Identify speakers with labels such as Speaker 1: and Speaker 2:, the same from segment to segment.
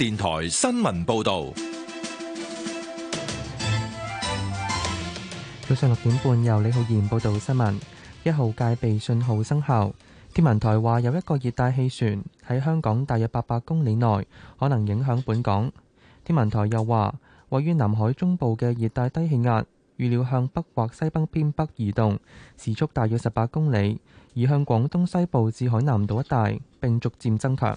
Speaker 1: 電台新聞報道：
Speaker 2: 早上六點半，由李浩然報道新聞。一號戒備信號生效。天文台話有一個熱帶氣旋喺香港大約八百公里內，可能影響本港。天文台又話，位於南海中部嘅熱帶低氣壓，預料向北或西北偏北移動，時速大約十八公里，移向廣東西部至海南島一帶，並逐漸增強。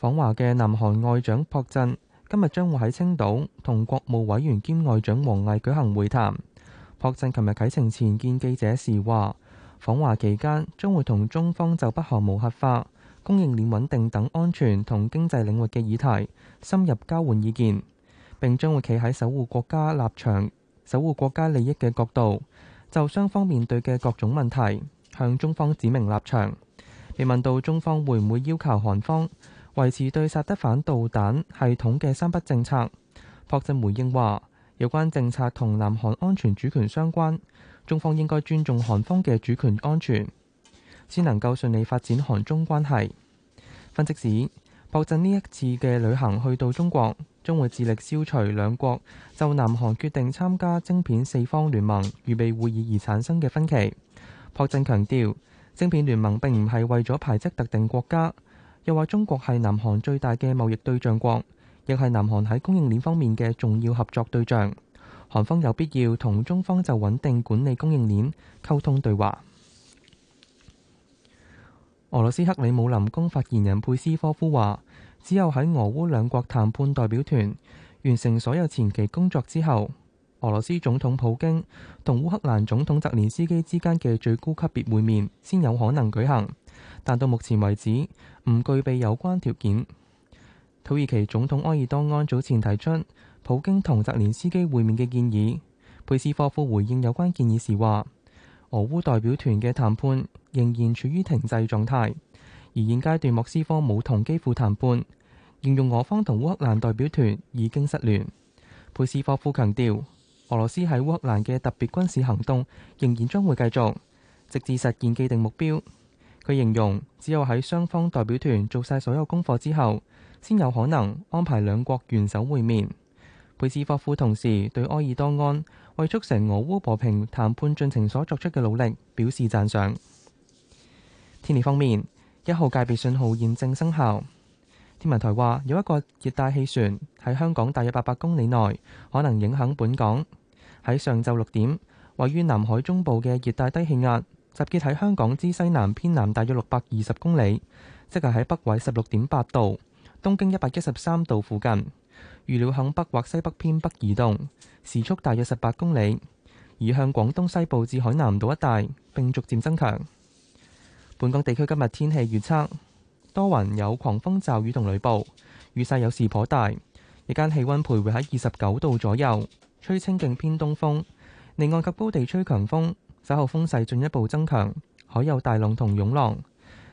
Speaker 2: 訪華嘅南韓外長朴振今日將會喺青島同國務委員兼外長王毅舉行會談。朴振琴日啟程前見記者時話，訪華期間將會同中方就北韓無核化、供應鏈穩定等安全同經濟領域嘅議題深入交換意見。並將會企喺守護國家立場、守護國家利益嘅角度，就雙方面對嘅各種問題向中方指明立場。被問到中方會唔會要求韓方維持對薩德反導彈系統嘅三不政策。朴振回應話，有關政策同南韓安全主權相關，中方應該尊重韓方嘅主權安全，先能夠順利發展韓中關係。分析指，朴振呢一次嘅旅行去到中國，將會致力消除兩國就南韓決定參加晶片四方聯盟預備會議而產生嘅分歧。朴振強調，晶片聯盟並唔係為咗排斥特定國家。又話中國係南韓最大嘅貿易對象國，亦係南韓喺供應鏈方面嘅重要合作對象。韓方有必要同中方就穩定管理供應鏈溝通對話。俄羅斯克里姆林宮發言人佩斯科夫話，只有喺俄烏兩國談判代表團完成所有前期工作之後，俄羅斯總統普京同烏克蘭總統澤連斯基之間嘅最高級別會面先有可能舉行。但到目前為止，唔具備有關條件。土耳其總統埃爾多安早前提出普京同澤連斯基會面嘅建議，佩斯科夫回應有關建議時話：俄烏代表團嘅談判仍然處於停滯狀態，而現階段莫斯科冇同基輔談判。形容俄方同烏克蘭代表團已經失聯。佩斯科夫強調，俄羅斯喺烏克蘭嘅特別軍事行動仍然將會繼續，直至實現既定目標。佢形容只有喺雙方代表團做晒所有功課之後，先有可能安排兩國元首會面。佩斯霍夫同時對埃爾多安為促成俄烏和平談判進程所作出嘅努力表示讚賞。天氣方面，一號戒備信號現正生效。天文台話有一個熱帶氣旋喺香港大約八百公里內，可能影響本港。喺上晝六點，位於南海中部嘅熱帶低氣壓，集結喺香港之西南偏南，大約六百二十公里，即係喺北緯十六點八度、東經一百一十三度附近。預料向北或西北偏北移動，時速大約十八公里，而向廣東西部至海南島一帶，並逐漸增強。本港地區今日天氣預測多雲，有狂風驟雨同雷暴，雨勢有時頗大。日間氣溫徘徊喺二十九度左右，吹清勁偏東風，離岸及高地吹強風。稍後風勢進一步增強，海有大浪同湧浪。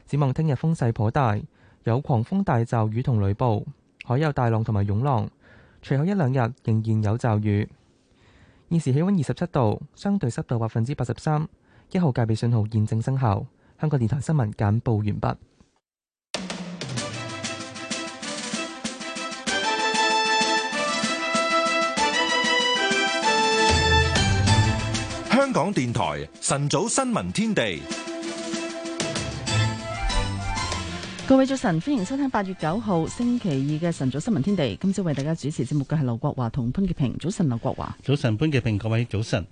Speaker 2: 展望聽日風勢頗大，有狂風大驟雨同雷暴，海有大浪同埋湧浪。隨後一兩日仍然有驟雨。現時氣温二十七度，相對濕度百分之八十三。一號戒備信號現正生效。香港電台新聞簡報完畢。
Speaker 1: 香港電台晨早新聞天地，
Speaker 3: 各位早晨，歡迎收聽八月九號星期二嘅晨早新聞天地。今朝為大家主持節目嘅係劉國華同潘潔平。早晨，劉國華。
Speaker 4: 早晨，潘潔平。各位早晨。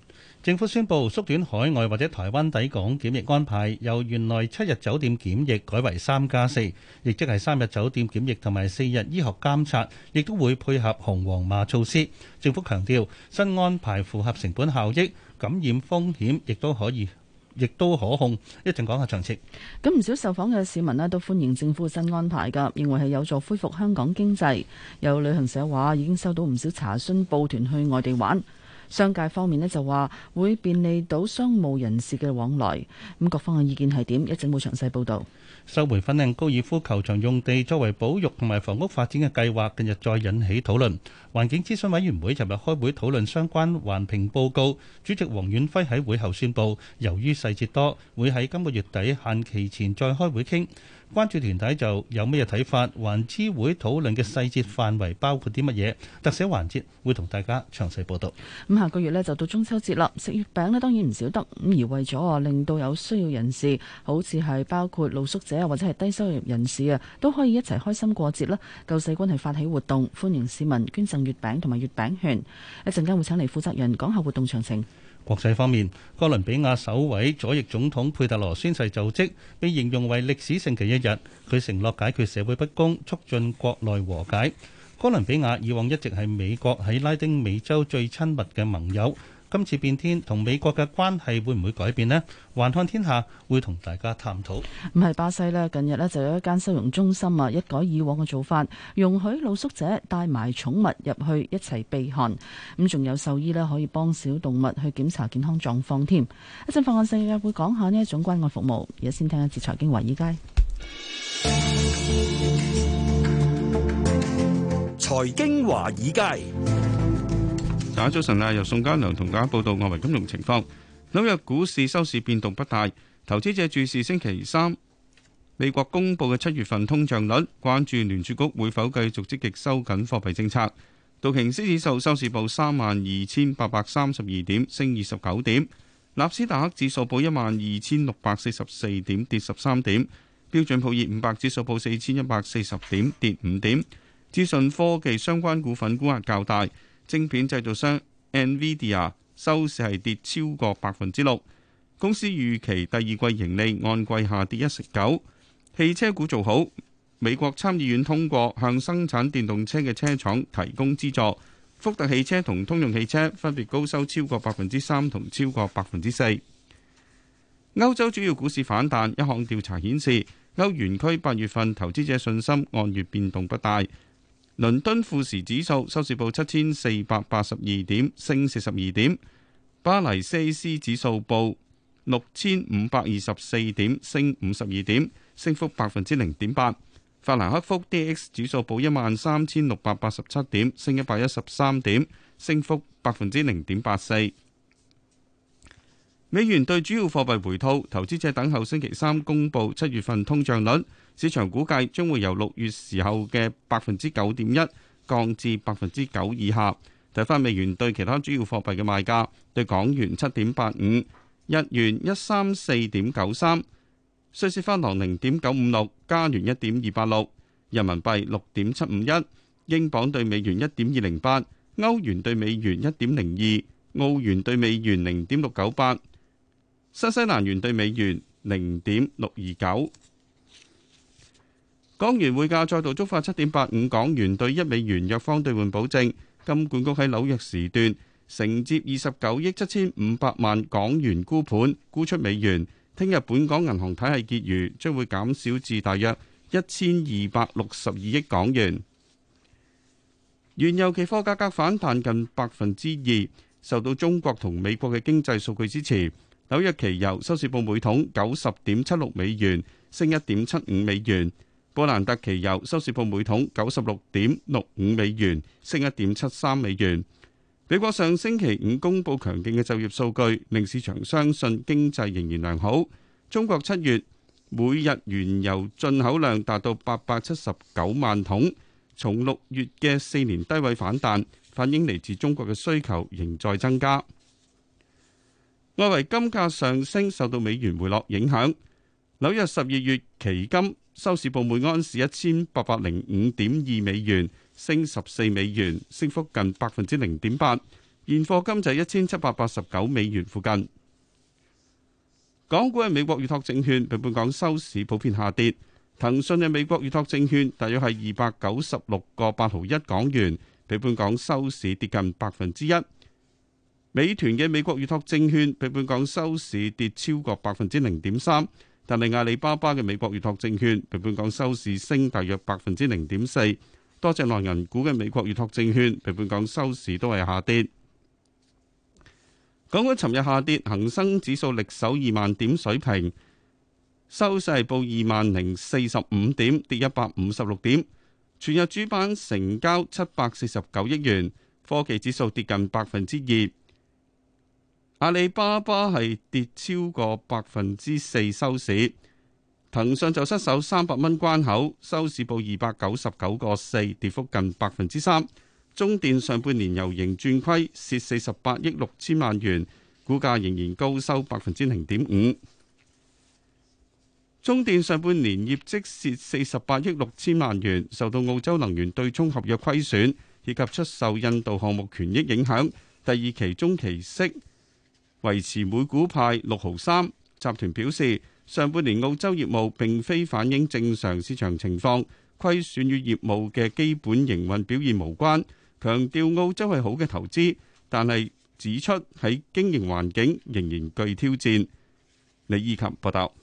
Speaker 4: 政府宣布縮短海外或者台灣抵港檢疫安排，由原來七日酒店檢疫改為三加四，亦即係三日酒店檢疫同埋四日醫學監察，亦都會配合紅黃碼措施。政府強調新安排符合成本效益，感染風險亦都可以，亦都可控。一陣講下詳情。
Speaker 3: 咁唔少受訪嘅市民咧都歡迎政府新安排㗎，認為係有助恢復香港經濟。有旅行社話已經收到唔少查詢報團去外地玩。商界方面呢就話會便利到商務人士嘅往來，咁各方嘅意見係點，一陣會詳
Speaker 4: 細報道。收回粉嶺高爾夫球場用地作為保育同埋房屋發展嘅計劃近日再引起討論。環境諮詢委員會昨日開會討論相關環評報告，主席黃遠輝喺會後宣布，由於細節多，會喺今個月底限期前再開會傾。關注團體就有咩睇法？還知會討論嘅細節範圍包括啲乜嘢？特寫環節會同大家詳細報道。
Speaker 3: 咁下個月呢，就到中秋節啦，食月餅呢，當然唔少得。咁而為咗啊，令到有需要人士，好似係包括露宿者或者係低收入人士啊，都可以一齊開心過節啦。救世軍係發起活動，歡迎市民捐贈月餅同埋月餅券。一陣間會請嚟負責人講下活動詳情。
Speaker 4: 國際方面，哥倫比亞首位左翼總統佩特羅宣誓就職，被形容為歷史性嘅一日。佢承諾解決社會不公，促進國內和解。哥倫比亞以往一直係美國喺拉丁美洲最親密嘅盟友。今次變天，同美國嘅關係會唔會改變呢？環看天下會同大家探討。
Speaker 3: 唔係巴西呢，近日呢就有一間收容中心啊，一改以往嘅做法，容許露宿者帶埋寵物入去一齊避寒。咁仲有獸醫呢，可以幫小動物去檢查健康狀況添。一陣《放眼世界》會講下呢一種關愛服務。而家先聽一次財經華爾街。
Speaker 5: 財經華爾街。打早晨，啦，由宋嘉良同大家報道外圍金融情況。紐約股市收市變動不大，投資者注視星期三美國公佈嘅七月份通脹率，關注聯儲局會否繼續積極，極收緊貨幣政策。道瓊斯指數收市報三萬二千八百三十二點，升二十九點。納斯達克指數報一萬二千六百四十四點，跌十三點。標準普爾五百指數報四千一百四十點，跌五點。資訊科技相關股份沽壓較大。晶片製造商 NVIDIA 收市係跌超過百分之六，公司預期第二季盈利按季下跌一成九。汽車股做好，美國參議院通過向生產電動車嘅車廠提供資助，福特汽車同通用汽車分別高收超過百分之三同超過百分之四。歐洲主要股市反彈，一項調查顯示歐元區八月份投資者信心按月變動不大。倫敦富時指數收市報七千四百八十二點，升四十二點；巴黎塞斯指數報六千五百二十四點，升五十二點，升幅百分之零點八；法蘭克福 DAX 指數報一萬三千六百八十七點，升一百一十三點，升幅百分之零點八四。美元對主要貨幣回吐，投資者等候星期三公布七月份通脹率。市場估計將會由六月時候嘅百分之九點一降至百分之九以下。睇返美元對其他主要貨幣嘅賣價，對港元七點八五，日元一三四點九三，瑞士法郎零點九五六，加元一點二八六，人民幣六點七五一，英鎊對美元一點二零八，歐元對美元一點零二，澳元對美元零點六九八，新西蘭元對美元零點六二九。港元匯價再度觸發七點八五港元兌一美元，弱方兌換保證，金管局喺紐約時段承接二十九億七千五百萬港元沽盤沽出美元。聽日本港銀行體系結餘將會減少至大約一千二百六十二億港元。原油期貨價格反彈近百分之二，受到中國同美國嘅經濟數據支持。紐約期油收市報每桶九十點七六美元，升一點七五美元。布蘭特期油收市報每桶九十六點六五美元，升一點七三美元。美國上星期五公布強勁嘅就業數據，令市場相信經濟仍然良好。中國七月每日原油進口量達到八百七十九萬桶，從六月嘅四年低位反彈，反映嚟自中國嘅需求仍在增加。外圍金價上升，受到美元回落影響。紐約十二月期金收市報每安士一千八百零五點二美元，升十四美元，升幅近百分之零點八。現貨金就一千七百八十九美元附近。港股嘅美國預託證券，比本港收市普遍下跌。騰訊嘅美國預託證券，大約係二百九十六個八毫一港元，比本港收市跌近百分之一。美團嘅美國預託證券，比本港收市跌超過百分之零點三。但係阿里巴巴嘅美國預託證券，比本港收市升大約百分之零點四。多隻內銀股嘅美國預託證券，比本港收市都係下跌。港股尋日下跌，恒生指數力守二萬點水平，收市報二萬零四十五點，跌一百五十六點。全日主板成交七百四十九億元，科技指數跌近百分之二。阿里巴巴係跌超過百分之四收市，騰訊就失守三百蚊關口，收市報二百九十九個四，跌幅近百分之三。中電上半年由盈轉虧，蝕四十八億六千萬元，股價仍然高收百分之零點五。中電上半年業績蝕四十八億六千萬元，受到澳洲能源對沖合約虧損以及出售印度項目權益影響，第二期中期息，維持每股派六毫三。集團表示，上半年澳洲業務並非反映正常市場情況，虧損與業務嘅基本營運表現無關。強調澳洲係好嘅投資，但係指出喺經營環境仍然具挑戰。李意勤報道。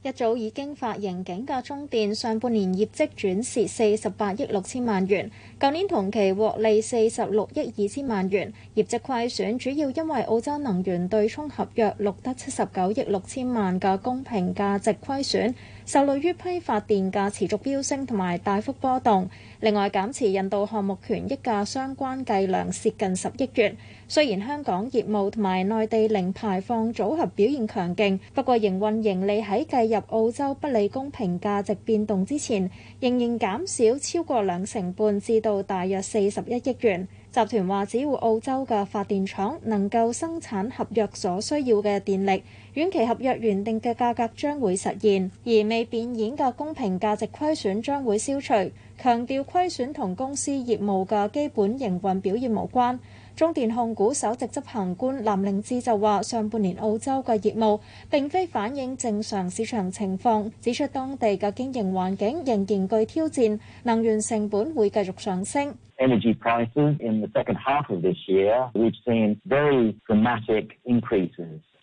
Speaker 6: 一早已經發盈警嘅中電，上半年業績轉蝕四十八億六千萬元，舊年同期獲利四十六億二千萬元。業績虧損主要因為澳洲能源對沖合約錄得七十九億六千萬嘅公平價值虧損。受累於批發電價持續飆升同埋大幅波動，另外減持印度項目權益嘅相關計量涉近十億元。雖然香港業務同埋內地零排放組合表現強勁，不過營運盈利喺計入澳洲不利公平價值變動之前，仍然減少超過兩成半至到大約四十一億元。集團話只要澳洲嘅發電廠能夠生產合約所需要嘅電力。短期合約原定嘅價格將會實現，而未變現嘅公平價值虧損將會消除。強調虧損同公司業務嘅基本營運表現無關。中電控股首席執行官藍凌志就話：上半年澳洲嘅業務並非反映正常市場情況，指出當地嘅經營環境仍然具挑戰，能源成本會繼續上升。
Speaker 7: energy prices in the second half of this year we've seen very dramatic increases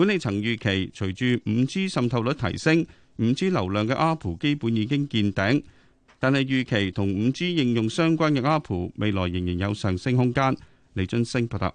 Speaker 5: 管理層預期，隨住 5G 滲透率提升，5G 流量嘅 ARPU 基本已經見頂，但係預期同 5G 應用相關嘅 ARPU 未來仍然有上升空間。李津升拍特。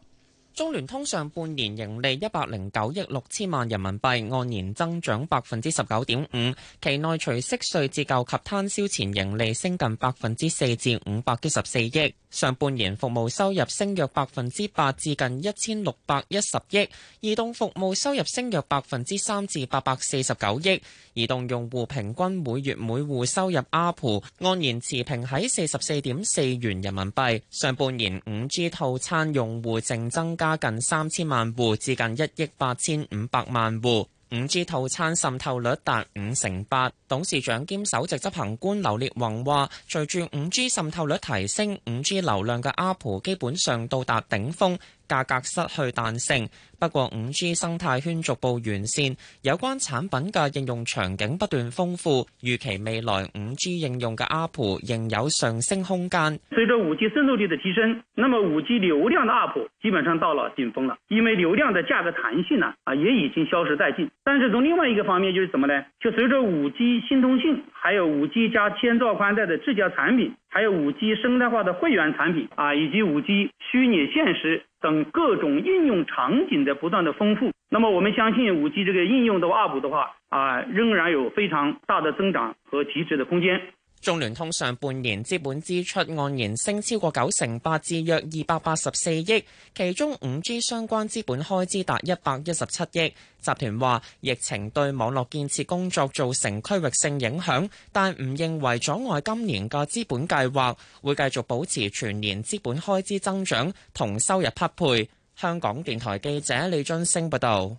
Speaker 8: 中聯通上半年盈利一百零九億六千萬人民幣，按年增長百分之十九點五。期內除息稅折舊及攤銷前盈利升近百分之四至五百一十四億。上半年服務收入升約百分之八至近一千六百一十億，移動服務收入升約百分之三至八百四十九億。移動用戶平均每月每戶收入阿普按年持平喺四十四點四元人民幣。上半年五 G 套餐用戶淨增加近三千萬戶，至近一億八千五百萬戶。五 G 套餐滲透率達五成八。董事長兼首席執行官劉烈宏話，隨住五 G 滲透率提升，五 G 流量嘅阿普基本上到達頂峰。價格失去彈性，不過 5G 生態圈逐步完善，有關產品嘅應用場景不斷豐富，預期未來 5G 應用嘅 ARPU 仍有
Speaker 9: 上升空間。隨著 5G 滲透率的提升，那麼 5G 流量的 ARPU 基本上到了頂峰了，因為流量嘅價格彈性呢，啊也已經消失殆盡。但是從另外一個方面，就是什麼呢？就隨著 5G 新通信，還有 5G 加千兆寬帶的智家產品，還有 5G 生態化的會員產品，啊以及 5G 虛擬現實。等各種應用場景的不斷的豐富，那麼我們相信五 G 這個應用的 up 的話，啊仍然有非常大的增長和提升的空間。
Speaker 8: 中聯通上半年資本支出按年升超過九成八，至約二百八十四億，其中五 G 相關資本開支達一百一十七億。集團話疫情對網絡建設工作造成區域性影響，但唔認為阻礙今年個資本計劃會繼續保持全年資本開支增長同收入匹配。香港電台記者李津升報道。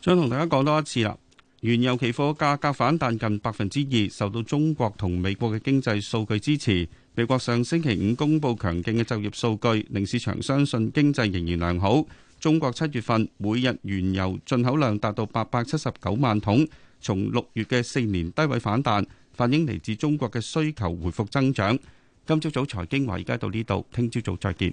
Speaker 5: 想同大家講多一次啦。原油期貨價格反彈近百分之二，受到中國同美國嘅經濟數據支持。美國上星期五公布強勁嘅就業數據，令市場相信經濟仍然良好。中國七月份每日原油進口量達到八百七十九萬桶，從六月嘅四年低位反彈，反映嚟自中國嘅需求回復增長。今朝早財經話，而家到呢度，聽朝早再見。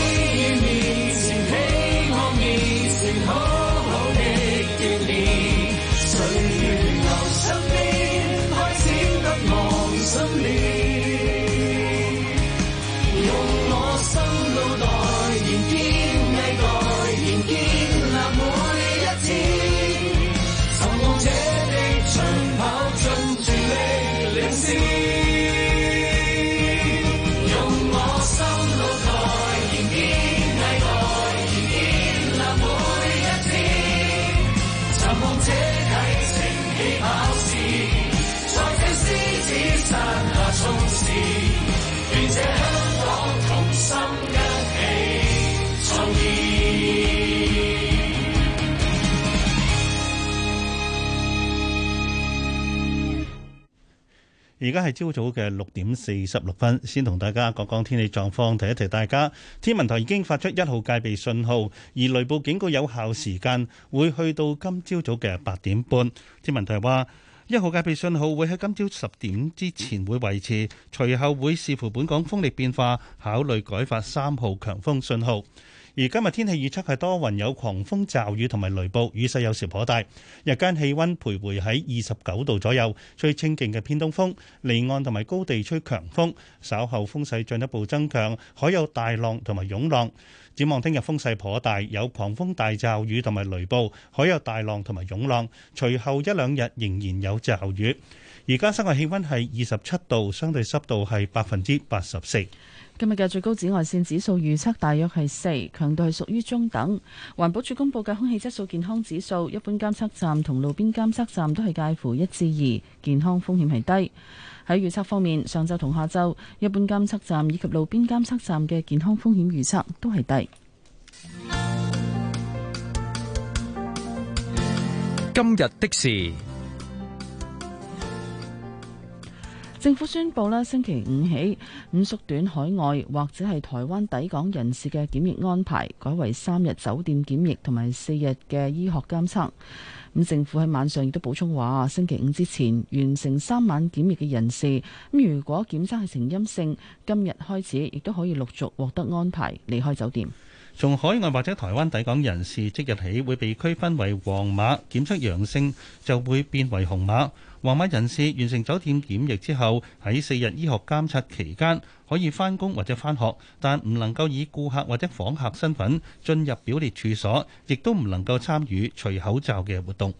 Speaker 4: 而家係朝早嘅六點四十六分，先同大家講講天氣狀況，提一提大家。天文台已經發出一號戒備信號，而雷暴警告有效時間會去到今朝早嘅八點半。天文台話，一號戒備信號會喺今朝十點之前會維持，隨後會視乎本港風力變化，考慮改發三號強風信號。而今日天氣預測係多雲有狂風驟雨同埋雷暴，雨勢有時頗大。日間氣温徘徊喺二十九度左右，吹清勁嘅偏東風，離岸同埋高地吹強風。稍後風勢進一步增強，海有大浪同埋湧浪。展望聽日風勢頗大，有狂風大驟雨同埋雷暴，海有大浪同埋湧浪。隨後一兩日仍然有驟雨。而家室外氣温係二十七度，相對濕度係百分之八十四。
Speaker 3: 今日嘅最高紫外線指數預測大約係四，強度係屬於中等。環保署公布嘅空氣質素健康指數，一般監測站同路邊監測站都係介乎一至二，健康風險係低。喺預測方面，上晝同下晝，一般監測站以及路邊監測站嘅健康風險預測都係低。
Speaker 2: 今日的事。
Speaker 3: 政府宣布咧，星期五起，五縮短海外或者係台灣抵港人士嘅檢疫安排，改為三日酒店檢疫同埋四日嘅醫學監測。嗯，政府喺晚上亦都補充話，星期五之前完成三晚檢疫嘅人士，咁如果檢測係呈陰性，今日開始亦都可以陸續獲得安排
Speaker 4: 離開酒店。從海外或者台灣抵港人士即日起，會被區分為黃碼，檢測陽性就會變為紅碼。患病人士完成酒店檢疫之後，喺四日醫學監察期間可以返工或者返學，但唔能夠以顧客或者訪客身份進入表列處所，亦都唔能夠參與除口罩嘅活動。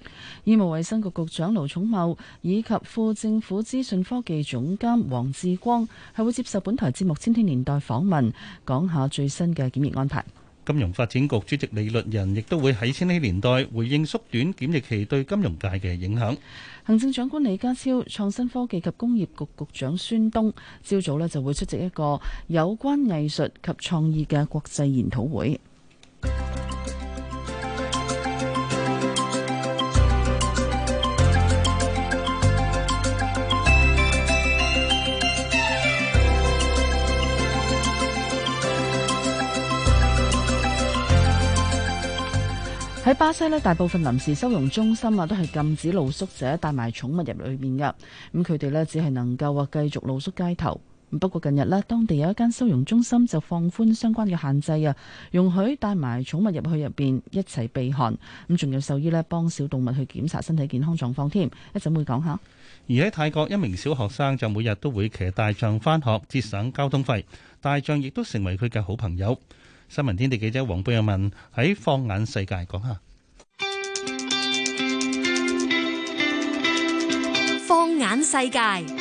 Speaker 3: 醫務衛生局局長盧寵茂以及副政府資訊科技總監黃志光係會接受本台節目《千禧年代》訪問，講下最新嘅檢疫安排。
Speaker 4: 金融發展局主席李律仁亦都會喺《千禧年代》回應縮短檢疫期對金融界嘅影響。
Speaker 3: 行政長官李家超、創新科技及工業局局長孫東，朝早呢就會出席一個有關藝術及創意嘅國際研討會。喺巴西呢，大部分臨時收容中心啊，都係禁止露宿者帶埋寵物入裏面㗎。咁佢哋呢，只係能夠話繼續露宿街頭。不過近日呢，當地有一間收容中心就放寬相關嘅限制啊，容許帶埋寵物入去入邊一齊避寒。咁仲有獸醫呢，幫小動物去檢查身體健康狀況添。一陣會講下。
Speaker 4: 而喺泰國，一名小學生就每日都會騎大象返學，節省交通費。大象亦都成為佢嘅好朋友。新聞天地記者黃貝又問：喺放眼世界講下，放
Speaker 10: 眼世界，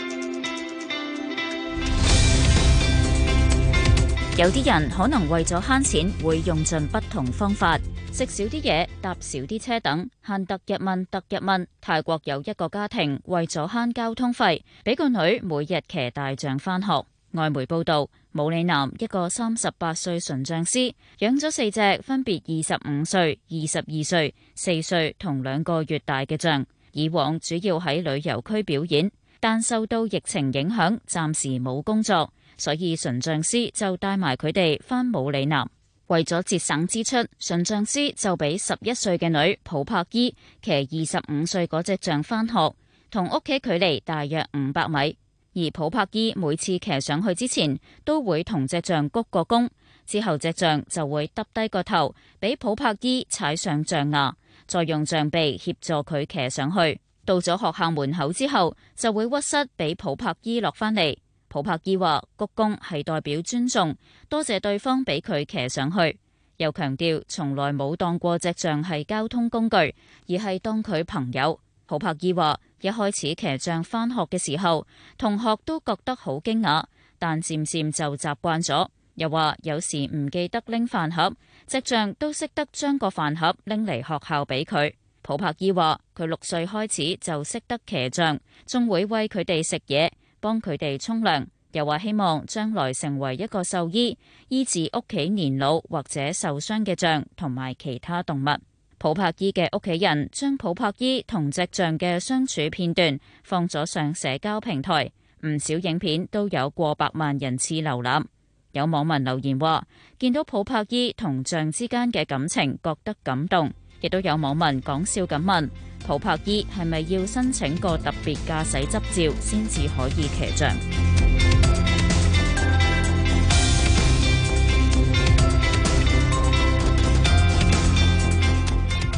Speaker 10: 有啲人可能為咗慳錢，會用盡不同方法，食少啲嘢、搭少啲車等，慳得一蚊，得一蚊。泰國有一個家庭為咗慳交通費，俾個女每日騎大象返學。外媒報道。武里南一個三十八歲馴象師養咗四隻，分別二十五歲、二十二歲、四歲同兩個月大嘅象。以往主要喺旅遊區表演，但受到疫情影響，暫時冇工作，所以馴象師就帶埋佢哋返武里南。為咗節省支出，馴象師就俾十一歲嘅女普柏伊騎二十五歲嗰隻象返學，同屋企距離大約五百米。而普柏伊每次騎上去之前，都會同隻象鞠個躬，之後隻象就會耷低個頭，俾普柏伊踩上象牙，再用象鼻協助佢騎上去。到咗學校門口之後，就會屈膝俾普柏伊落返嚟。普柏伊話鞠躬係代表尊重，多謝對方俾佢騎上去，又強調從來冇當過隻象係交通工具，而係當佢朋友。普柏依話：一開始騎象返學嘅時候，同學都覺得好驚訝，但漸漸就習慣咗。又話有時唔記得拎飯盒，隻象都識得將個飯盒拎嚟學校俾佢。普柏依話：佢六歲開始就識得騎象，仲會餵佢哋食嘢，幫佢哋沖涼。又話希望將來成為一個獸醫，醫治屋企年老或者受傷嘅象同埋其他動物。普柏伊嘅屋企人將普柏伊同隻象嘅相處片段放咗上社交平台，唔少影片都有過百萬人次瀏覽。有網民留言話，見到普柏伊同象之間嘅感情，覺得感動。亦都有網民講笑咁問：普柏伊係咪要申請個特別駕駛執照先至可以騎象？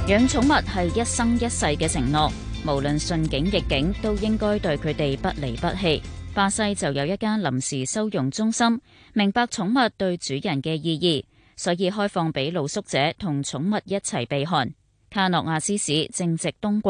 Speaker 10: 養寵物係一生一世嘅承諾，無論順境逆境，都應該對佢哋不離不棄。巴西就有一間臨時收容中心，明白寵物對主人嘅意義，所以開放俾露宿者同寵物一齊避寒。卡諾亞斯市正值冬季，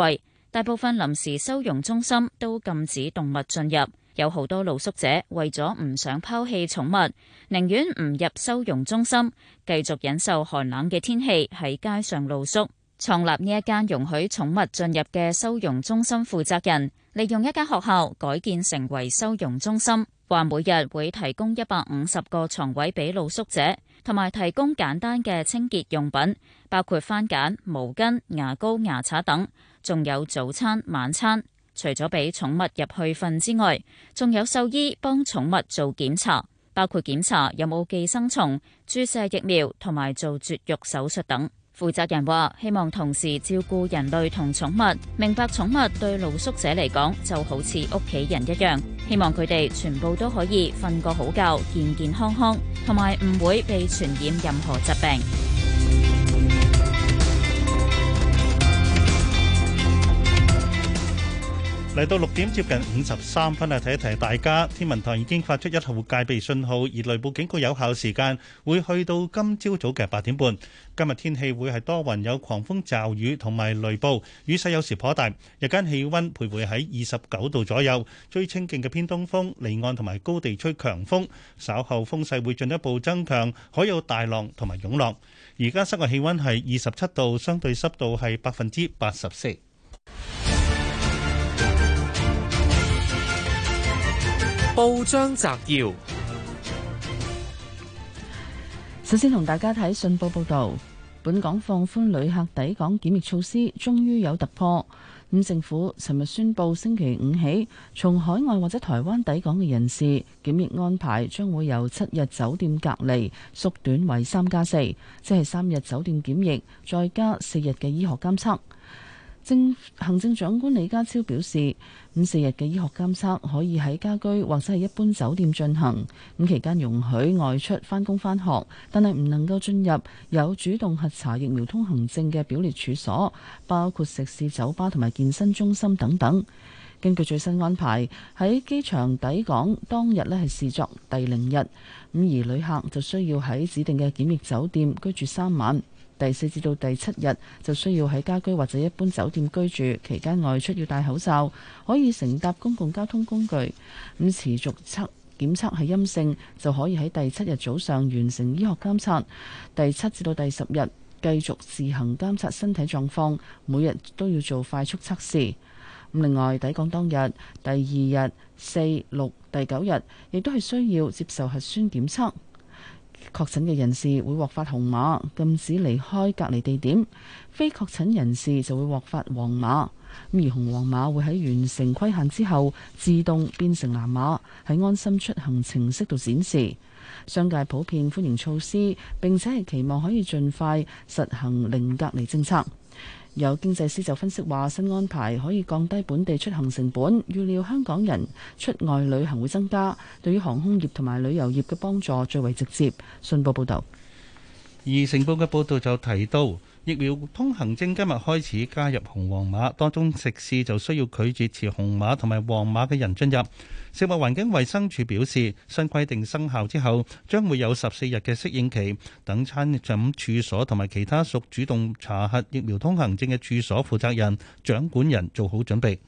Speaker 10: 大部分臨時收容中心都禁止動物進入。有好多露宿者為咗唔想拋棄寵物，寧願唔入收容中心，繼續忍受寒冷嘅天氣，喺街上露宿。創立呢一間容許寵物進入嘅收容中心負責人，利用一間學校改建成為收容中心，話每日會提供一百五十個床位俾露宿者，同埋提供簡單嘅清潔用品，包括番梘、毛巾、牙膏、牙刷等，仲有早餐、晚餐。除咗俾寵物入去瞓之外，仲有獸醫幫寵物做檢查，包括檢查有冇寄生蟲、注射疫苗同埋做絕育手術等。負責人話：希望同時照顧人類同寵物，明白寵物對露宿者嚟講就好似屋企人一樣，希望佢哋全部都可以瞓個好覺，健健康康，同埋唔會被傳染任何疾病。
Speaker 4: 嚟到六點接近五十三分啊！睇一睇大家，天文台已經發出一號戒備信號，而雷暴警告有效時間會去到今朝早嘅八點半。今日天氣會係多雲，有狂風驟雨同埋雷暴，雨勢有時頗大。日間氣温徘徊喺二十九度左右，吹清勁嘅偏東風，離岸同埋高地吹強風。稍後風勢會進一步增強，可有大浪同埋湧浪。而家室外氣温係二十七度，相對濕度係百分之八
Speaker 11: 十四。報章摘要，首
Speaker 3: 先同大家睇信報報道，本港放寬旅客抵港檢疫措施，終於有突破。咁政府尋日宣布，星期五起，從海外或者台灣抵港嘅人士檢疫安排，將會由七日酒店隔離縮短為三加四，即係三日酒店檢疫，再加四日嘅醫學監測。政行政長官李家超表示，五四日嘅醫學監測可以喺家居或者係一般酒店進行，咁期間容許外出返工返學，但係唔能夠進入有主動核查疫苗通行證嘅表列處所，包括食肆、酒吧同埋健身中心等等。根據最新安排，喺機場抵港當日呢，係視作第零日，咁而旅客就需要喺指定嘅檢疫酒店居住三晚。第四至到第七日就需要喺家居或者一般酒店居住，期間外出要戴口罩，可以乘搭公共交通工具。咁持續測檢測係陰性，就可以喺第七日早上完成醫學監察，第七至到第十日繼續自行監察身體狀況，每日都要做快速測試。咁另外抵港當日、第二日、四六、第九日亦都係需要接受核酸檢測。確診嘅人士會獲發紅碼，禁止離開隔離地點；非確診人士就會獲發黃碼。而紅黃碼會喺完成規限之後自動變成藍碼，喺安心出行程式度展示。商界普遍歡迎措施，並且係期望可以盡快實行零隔離政策。有經濟師就分析話，新安排可以降低本地出行成本，預料香港人出外旅行會增加，對於航空業同埋旅遊業嘅幫助最為直接。信報報道。
Speaker 4: 而成報嘅報導就提到。疫苗通行證今日開始加入紅黃碼，當中食肆就需要拒絕持紅碼同埋黃碼嘅人進入。食物環境衞生署表示，新規定生效之後，將會有十四日嘅適應期，等餐飲處所同埋其他屬主動查核疫苗通行證嘅處所負責人、掌管人做好準備。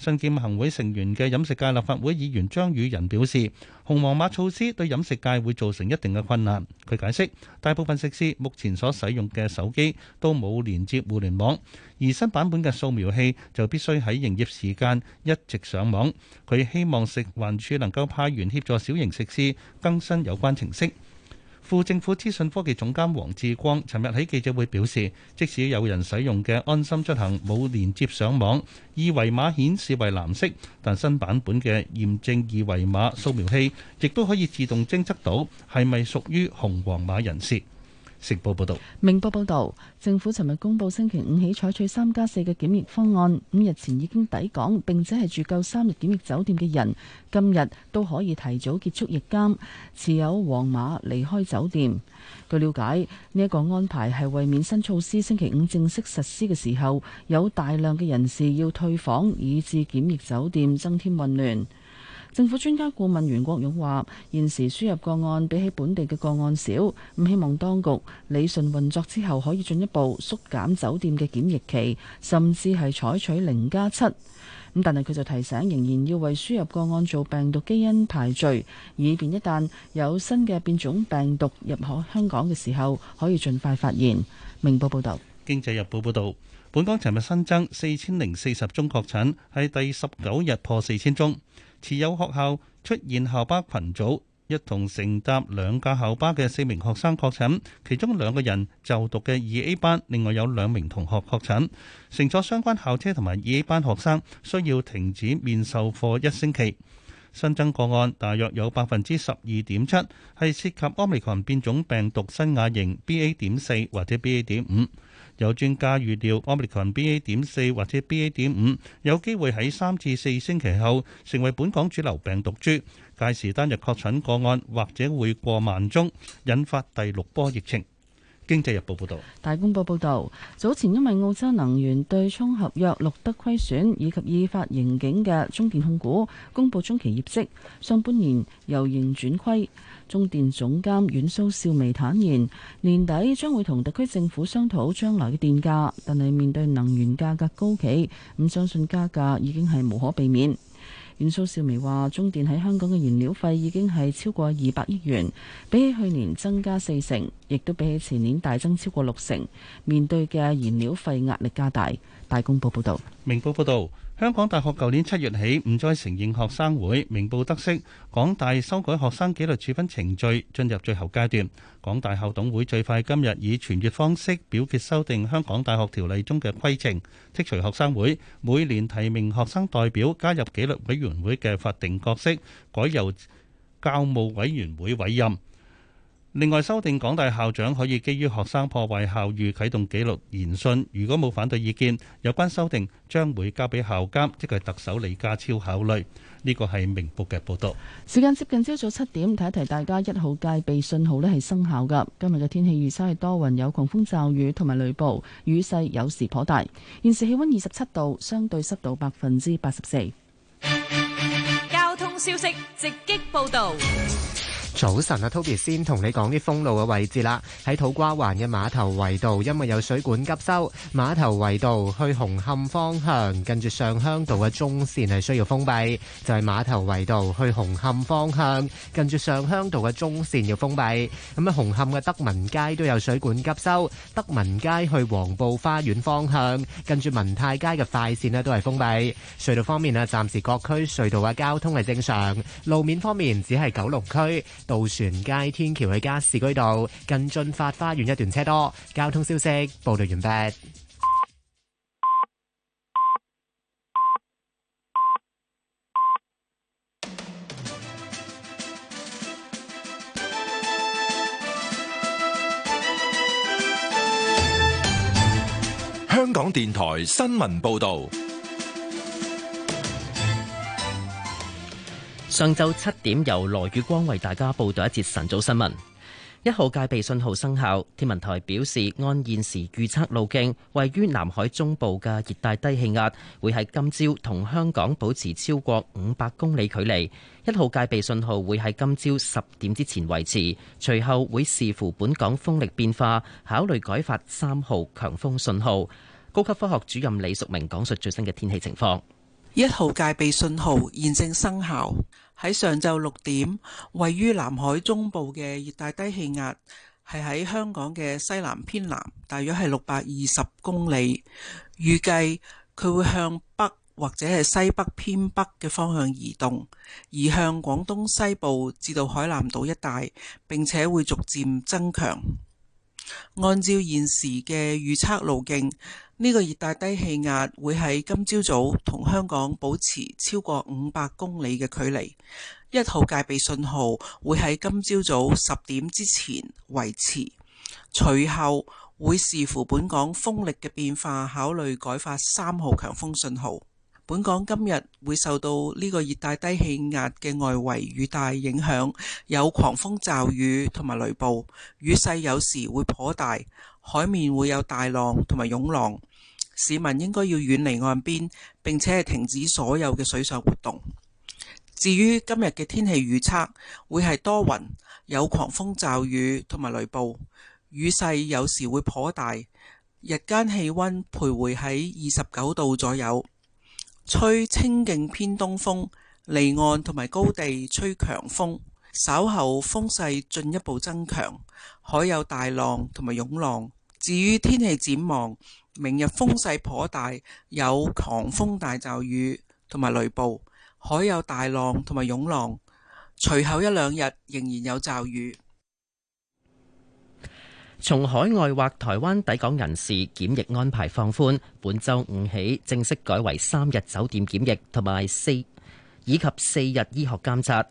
Speaker 4: 身兼行會成員嘅飲食界立法會議員張宇人表示，紅黃碼措施對飲食界會造成一定嘅困難。佢解釋，大部分食肆目前所使用嘅手機都冇連接互聯網，而新版本嘅掃描器就必須喺營業時間一直上網。佢希望食環署能夠派員協助小型食肆更新有關程式。副政府資訊科技總監黃志光尋日喺記者會表示，即使有人使用嘅安心出行冇連接上網，二維碼顯示為藍色，但新版本嘅驗證二維碼掃描器亦都可以自動偵測到係咪屬於紅黃碼人士。直播報道，
Speaker 3: 明報報道，政府尋日公布星期五起採取三加四嘅檢疫方案。五日前已經抵港並且係住夠三日檢疫酒店嘅人，今日都可以提早結束疫監，持有黃碼離開酒店。據了解，呢一個安排係為免新措施星期五正式實施嘅時候，有大量嘅人士要退房，以致檢疫酒店增添混亂。政府專家顧問袁國勇話：現時輸入個案比起本地嘅個案少，咁希望當局理順運作之後，可以進一步縮減酒店嘅檢疫期，甚至係採取零加七。咁但係佢就提醒，仍然要為輸入個案做病毒基因排序，以便一旦有新嘅變種病毒入港香港嘅時候，可以盡快發現。明報報道，
Speaker 4: 《經濟日報》報道，本港尋日新增四千零四十宗確診，係第十九日破四千宗。持有學校出現校巴群組，一同乘搭兩架校巴嘅四名學生確診，其中兩個人就讀嘅二 A 班，另外有兩名同學確診。乘坐相關校車同埋二 A 班學生需要停止面授課一星期。新增個案大約有百分之十二點七係涉及奧密克戎變種病毒新亞型 BA. 點四或者 BA. 點五。有專家預料，Omicron BA. 點四或者 BA. 點五有機會喺三至四星期後成為本港主流病毒株，屆時單日確診個案或者會過萬宗，引發第六波疫情。經濟日報報道：
Speaker 3: 大公報報道，早前因為澳洲能源對沖合約錄得虧損以及已發盈警嘅中電控股，公布中期業績，上半年由盈轉虧。中電總監阮蘇少薇坦言，年底將會同特區政府商討將來嘅電價，但係面對能源價格高企，唔相信加價已經係無可避免。阮蘇少薇話：中電喺香港嘅燃料費已經係超過二百億元，比起去年增加四成，亦都比起前年大增超過六成，面對嘅燃料費壓力加大。大公報報道，
Speaker 4: 明報報道。香港大學舊年七月起唔再承認學生會，明報得悉，港大修改學生紀律處分程序進入最後階段。港大校董會最快今日以傳閱方式表決修訂香港大學條例中嘅規定，剔除學生會每年提名學生代表加入紀律委員會嘅法定角色，改由教務委員會委任。另外修訂，港大校長可以基於學生破壞校譽啟動紀律聆訊。如果冇反對意見，有關修訂將會交俾校監，即係特首李家超考慮。呢個係明報嘅報
Speaker 11: 道。
Speaker 3: 時間接近朝早七點，提提大家一號戒備信號咧係生效噶。今日嘅天氣預測係多雲，有狂風驟雨同埋雷暴，雨勢有時頗大。現時氣温
Speaker 11: 二十七度，相對濕度百分之八十四。
Speaker 12: 交通消息直擊報道。
Speaker 11: 早晨啊，Toby 先同你講啲封路嘅位置啦。喺土瓜灣嘅碼頭圍道，因為有水管急修；碼頭圍道去紅磡方向，近住上鄉道嘅中線係需要封閉。就係碼頭圍道去紅磡方向，近住上鄉道嘅中線要封閉。咁啊，紅磡嘅德民街都有水管急修，德民街去黃埔花園方向，近住民泰街嘅快線咧都係封閉。隧道方面啊，暫時各區隧道嘅交通係正常。路面方面只係九龍區。渡船街天橋去加士居道近駿發花園一段車多，交通消息報道完畢。
Speaker 1: 香港電台新聞
Speaker 13: 報道。上晝七點，由羅宇光為大家報道一節晨早新聞。一號戒備信號生效，天文台表示，按現時預測路徑，位於南海中部嘅熱帶低氣壓會喺今朝同香港保持超過五百公里距離。一號戒備信號會喺今朝十點之前維持，隨後會視乎本港風力變化，考慮改發三號強風信號。高級科學主任李淑
Speaker 7: 明講述最新嘅天氣情況。一號戒備信號現正生效。喺上晝六點，位於南海中部嘅熱帶低氣壓係喺香港嘅西南偏南，大約係六百二十公里。預計佢會向北或者係西北偏北嘅方向移動，移向廣東西部至到海南島一帶，並且會逐漸增強。按照現時嘅預測路徑，呢個熱帶低氣壓會喺今朝早同香港保持超過五百公里嘅距離。一號戒備信號會喺今朝早十點之前維持，隨後會視乎本港風力嘅變化，考慮改發三號強風信號。本港今日會受到呢個熱帶低氣壓嘅外圍雨帶影響，有狂風驟雨同埋雷暴，雨勢有時會頗大，海面會有大浪同埋湧浪。市民應該要遠離岸邊，並且係停止所有嘅水上活動。至於今日嘅天氣預測，會係多雲，有狂風驟雨同埋雷暴，雨勢有時會頗大。日間氣溫徘徊喺二十九度左右。吹清勁偏東風，離岸同埋高地吹強風，稍後風勢進一步增強，海有大浪同埋湧浪。至於天氣展望，明日風勢頗大，有狂風大驟雨同埋雷暴，海有大浪同埋湧浪。隨後一兩日仍然有驟雨。
Speaker 13: 從海外或台灣抵港人士檢疫安排放寬，本周五起正式改為三日酒店檢疫，同埋四以及四日醫學監察。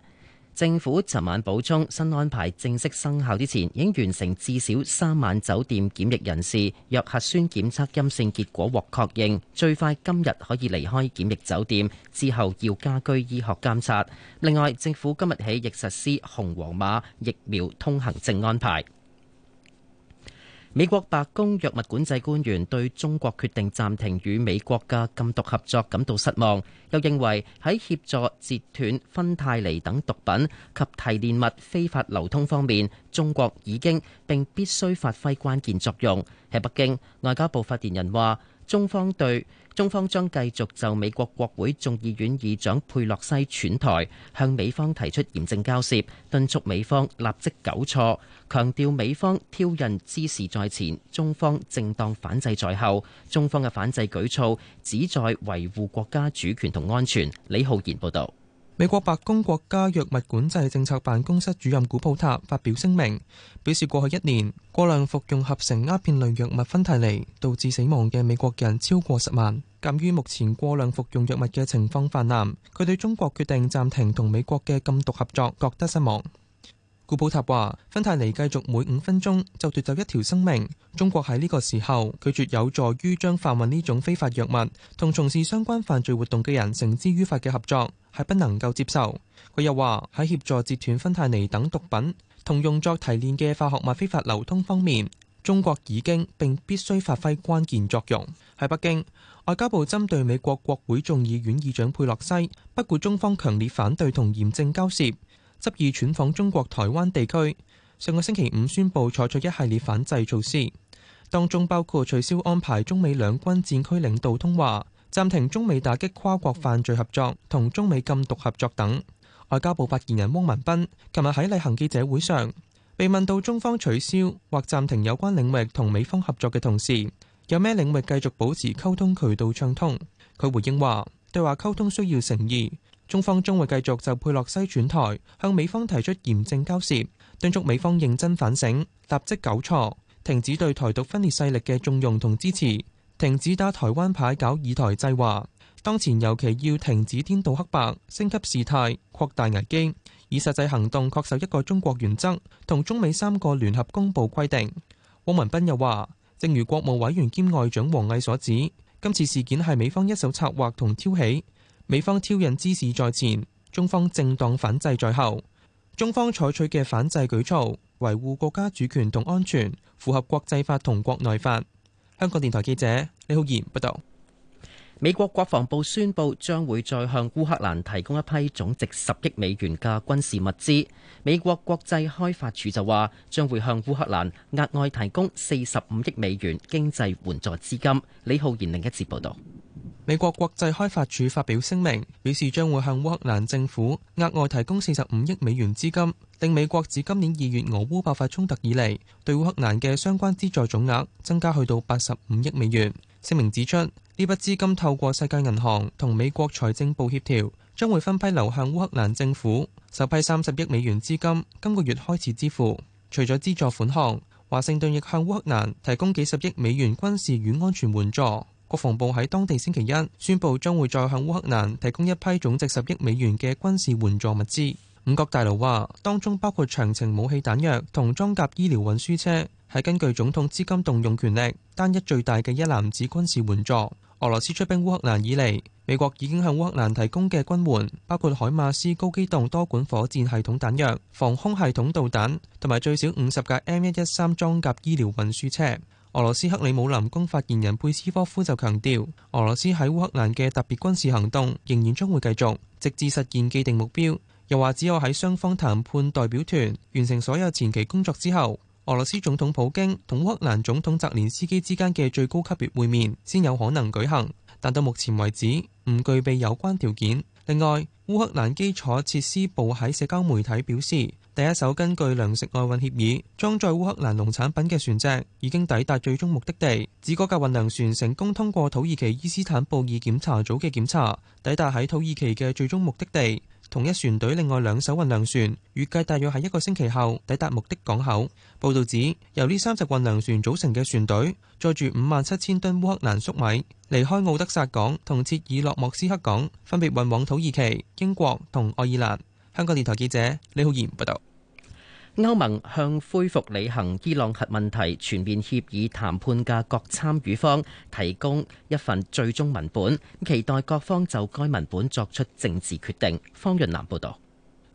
Speaker 13: 政府尋晚補充，新安排正式生效之前，已經完成至少三晚酒店檢疫人士，若核酸檢測陰性結果獲確認，最快今日可以離開檢疫酒店，之後要家居醫學監察。另外，政府今日起亦實施紅黃碼疫苗通行證安排。美國白宮藥物管制官員對中國決定暫停與美國嘅禁毒合作感到失望，又認為喺協助截斷芬太尼等毒品及提煉物非法流通方面，中國已經並必須發揮關鍵作用。喺北京，外交部發言人話：中方對。中方將繼續就美國國會眾議院議長佩洛西竄台，向美方提出嚴正交涉，敦促美方立即糾錯，強調美方挑釁之事在前，中方正當反制在後。中方嘅反制舉措旨在維護國家主權同安全。李浩然報導。美國白宮國家
Speaker 2: 藥物管制政策辦公室主任古普塔發表聲明，表示過去一年過量服用合成鴉片類藥物芬太尼導致死亡嘅美國人超過十萬。鑒於目前過量服用藥物嘅情況泛濫，佢對中國決定暫停同美國嘅禁毒合作，覺得失望。古普塔話：芬太尼繼續每五分鐘就奪走一條生命，中國喺呢個時候拒絕有助於將販運呢種非法藥物同從事相關犯罪活動嘅人繩之於法嘅合作係不能夠接受。佢又話：喺協助截斷芬太尼等毒品同用作提煉嘅化學物非法流通方面，中國已經並必須發揮關鍵作用。喺北京，外交部針對美國國會眾議院議長佩洛西不顧中方強烈反對同嚴正交涉，執意竄訪中國台灣地區，上個星期五宣布採取一系列反制措施，當中包括取消安排中美兩軍戰區領導通話。暫停中美打擊跨國犯罪合作同中美禁毒合作等，外交部發言人汪文斌琴日喺例行記者會上被問到中方取消或暫停有關領域同美方合作嘅同時，有咩領域繼續保持溝通渠道暢通？佢回應話：對話溝通需要誠意，中方將會繼續就佩洛西轉台向美方提出嚴正交涉，敦促美方認真反省，立即糾錯，停止對台獨分裂勢力嘅縱容同支持。停止打台灣牌、搞以台制華，當前尤其要停止顛倒黑白、升級事態、擴大危機，以實際行動確守一個中國原則同中美三個聯合公佈規定。汪文斌又話：正如國務委員兼外長王毅所指，今次事件係美方一手策劃同挑起，美方挑釁滋事在前，中方正當反制在後。中方採取嘅反制舉措，維護國家主權同安全，
Speaker 13: 符合國際法同國內法。香港電台記者李浩然報道，美國國防部宣布將會再向烏克蘭提供一批總值十億美元嘅軍事物資。美國國際開發署就話將會向烏克蘭額外提供四十五億美元經濟援助資金。李浩然另一節報道。美國國際開發署發表聲明，表示將會向烏克蘭政府額外提供
Speaker 2: 四十五億美元資金，令美國自今年二月俄烏爆發衝突以嚟，對烏克蘭嘅相關資助總額增加去到八十五億美元。聲明指出，呢筆資金透過世界銀行同美國財政部協調，將會分批流向烏克蘭政府。首批三十億美元資金今個月開始支付。除咗資助款項，華盛頓亦向烏克蘭提供幾十億美元軍事與安全援助。國防部喺當地星期一宣布，將會再向烏克蘭提供一批總值十億美元嘅軍事援助物資。五角大樓話，當中包括長程武器彈藥同裝甲醫療運輸車，係根據總統資金動用權力，單一最大嘅一攬子軍事援助。俄羅斯出兵烏克蘭以嚟，美國已經向烏克蘭提供嘅軍援包括海馬斯高機動多管火箭系統彈藥、防空系統導彈同埋最少五十架 M 一一三裝甲醫療運輸車。俄羅斯克里姆林宮發言人佩斯科夫就強調，俄羅斯喺烏克蘭嘅特別軍事行動仍然將會繼續，直至實現既定目標。又話只有喺雙方談判代表團完成所有前期工作之後，俄羅斯總統普京同烏克蘭總統澤連斯基之間嘅最高級別會面先有可能舉行。但到目前為止，唔具備有關條件。另外，烏克蘭基礎設施部喺社交媒體表示，第一艘根據糧食外運協議裝載烏克蘭農產品嘅船隻已經抵達最終目的地。指嗰架運糧船成功通過土耳其伊斯坦布爾檢查組嘅檢查，抵達喺土耳其嘅最終目的地。同一船隊另外兩艘運糧船預計大約喺一個星期後抵達目的港口。報導指，由呢三隻運糧船組成嘅船隊載住五萬七千噸烏克蘭粟米，離開敖德薩港同切爾諾莫斯克港，分別運往土耳其、英國同愛爾蘭。香港
Speaker 13: 電台記者李浩然報道。歐盟向恢復履行伊朗核問題全面協議談判嘅各參與方提供一份最終文本，期待各方就該文本作出政治決定。方潤南報導。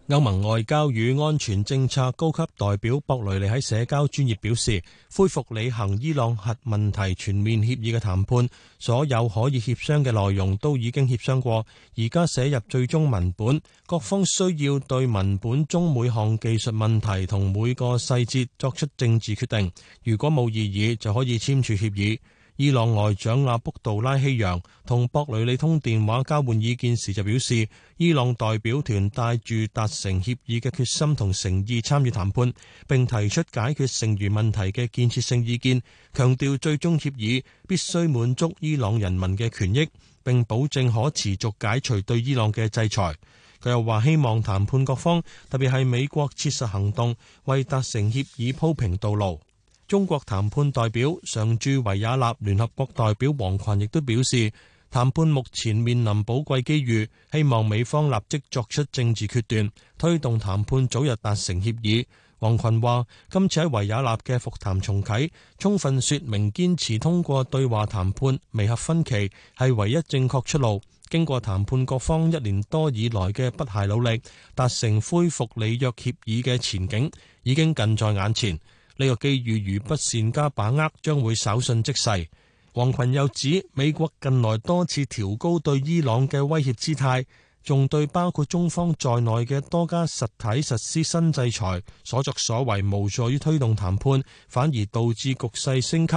Speaker 14: 歐盟外交與安全政策高級代表博雷利喺社交專業表示，恢復履行伊朗核問題全面協議嘅談判，所有可以協商嘅內容都已經協商過，而家寫入最終文本，各方需要對文本中每項技術問題同每個細節作出政治決定，如果冇異議就可以簽署協議。伊朗外長阿卜杜拉希揚同博雷利通電話交換意見時就表示，伊朗代表團帶住達成協議嘅決心同誠意參與談判，並提出解決剩餘問題嘅建設性意見，強調最終協議必須滿足伊朗人民嘅權益，並保證可持續解除對伊朗嘅制裁。佢又話希望談判各方，特別係美國切實行動，為達成協議鋪平道路。中國談判代表常駐維也納聯合國代表王群亦都表示，談判目前面臨寶貴機遇，希望美方立即作出政治決斷，推動談判早日達成協議。王群話：今次喺維也納嘅復談重啟，充分說明堅持通過對話談判彌合分歧係唯一正確出路。經過談判各方一年多以來嘅不懈努力，達成恢復履約協議嘅前景已經近在眼前。呢個機遇如不善加把握，將會稍縱即逝。王群又指，美國近來多次調高對伊朗嘅威脅姿態，仲對包括中方在內嘅多家實體實施新制裁，所作所為無助於推動談判，反而導致局勢升級。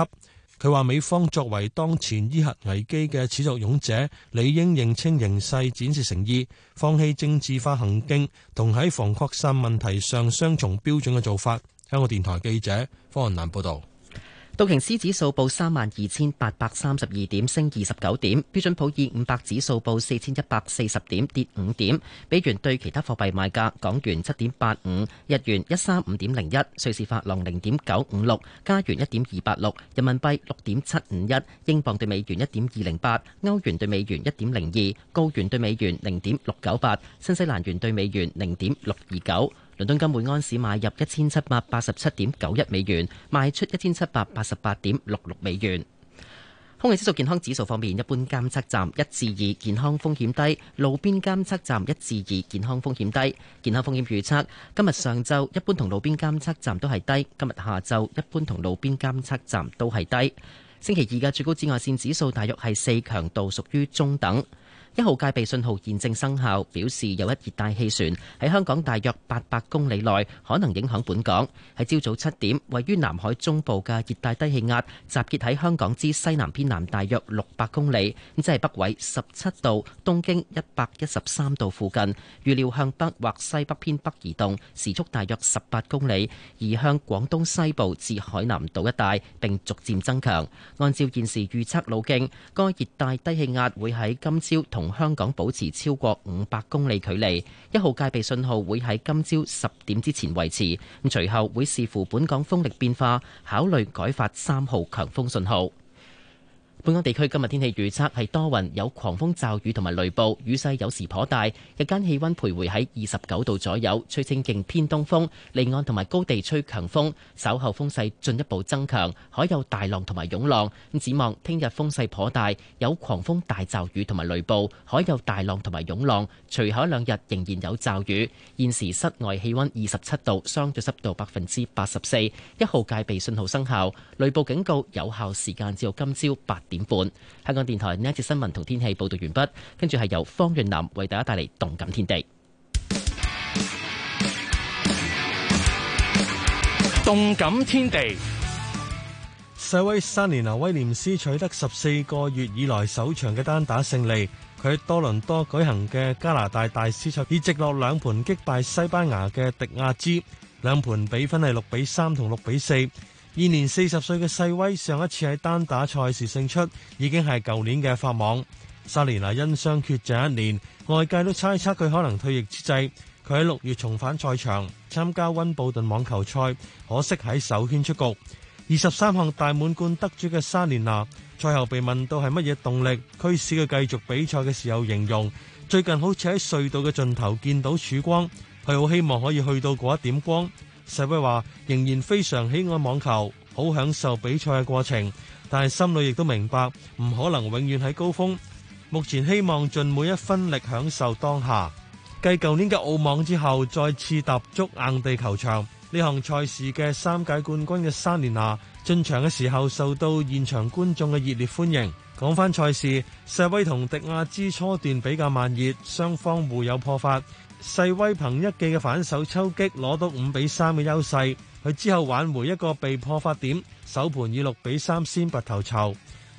Speaker 14: 佢話，美方作為當前伊核危機嘅始作俑者，理應認清形勢，展示誠意，放棄政治化行徑，同喺
Speaker 13: 防擴散問題上雙重標準嘅做法。香港電台記者方雲南報道，道瓊斯指數報三萬二千八百三十二點，升二十九點；標準普爾五百指數報四千一百四十點，跌五點。美元兌其他貨幣賣價：港元七點八五，日元一三五點零一，瑞士法郎零點九五六，加元一點二八六，人民幣六點七五一，英鎊兌美元一點二零八，歐元兌美元一點零二，澳元兌美元零點六九八，新西蘭元兌美元零點六二九。倫敦金每安士買入一千七百八十七點九一美元，賣出一千七百八十八點六六美元。空氣質素健康指數方面，一般監測站一至二，健康風險低；路邊監測站一至二，健康風險低。健康風險預測：今日上晝一般同路邊監測站都係低，今日下晝一般同路邊監測站都係低。星期二嘅最高紫外線指數大約係四強度，屬於中等。一號戒備信號現正生效，表示有一熱帶氣旋喺香港大約八百公里內可能影響本港。喺朝早七點，位於南海中部嘅熱帶低氣壓集結喺香港之西南偏南大約六百公里，咁即係北緯十七度、東經一百一十三度附近。預料向北或西北偏北移動，時速大約十八公里，移向廣東西部至海南島一帶，並逐漸增強。按照現時預測路徑，該熱帶低氣壓會喺今朝同同香港保持超過五百公里距離，一號戒備信號會喺今朝十點之前維持，咁隨後會視乎本港風力變化，考慮改發三號強風信號。本港地區今日天氣預測係多雲，有狂風驟雨同埋雷暴，雨勢有時頗大。日間氣溫徘徊喺二十九度左右，吹清勁偏東風。離岸同埋高地吹強風，稍後風勢進一步增強，海有大浪同埋湧浪。咁展望聽日風勢頗大，有狂風大驟雨同埋雷暴，海有大浪同埋湧浪。隨後一兩日仍然有驟雨。現時室外氣溫二十七度，相對濕度百分之八十四，一號戒備信號生效，雷暴警告有效時間至到今朝八點。點半，香港電台呢一節新聞同天氣報道完畢，跟住係由方潤南為大家帶嚟動感天地。動感天地，
Speaker 14: 世威三年後威廉斯取得十四個月以來首場嘅單打勝利，佢喺多倫多舉行嘅加拿大大師賽，以直落兩盤擊敗西班牙嘅迪亞茲，兩盤比分係六比三同六比四。現年四十歲嘅細威上一次喺單打賽事勝出，已經係舊年嘅法網。沙蓮娜因傷缺陣一年，外界都猜測佢可能退役之際，佢喺六月重返賽場參加温布頓網球賽，可惜喺首圈出局。二十三項大滿貫得主嘅沙蓮娜，賽後被問到係乜嘢動力驅使佢繼續比賽嘅時候，形容最近好似喺隧道嘅盡頭見到曙光，佢好希望可以去到嗰一點光。世威話仍然非常喜愛網球，好享受比賽嘅過程，但係心裏亦都明白唔可能永遠喺高峰。目前希望盡每一分力，享受當下。繼舊年嘅澳網之後，再次踏足硬地球場，呢項賽事嘅三屆冠軍嘅三年拿，進場嘅時候受到現場觀眾嘅熱烈歡迎。講翻賽事，世威同迪亞之初段比較慢熱，雙方互有破發。細威憑一記嘅反手抽擊攞到五比三嘅優勢，佢之後挽回一個被破發點，首盤以六比三先拔頭籌。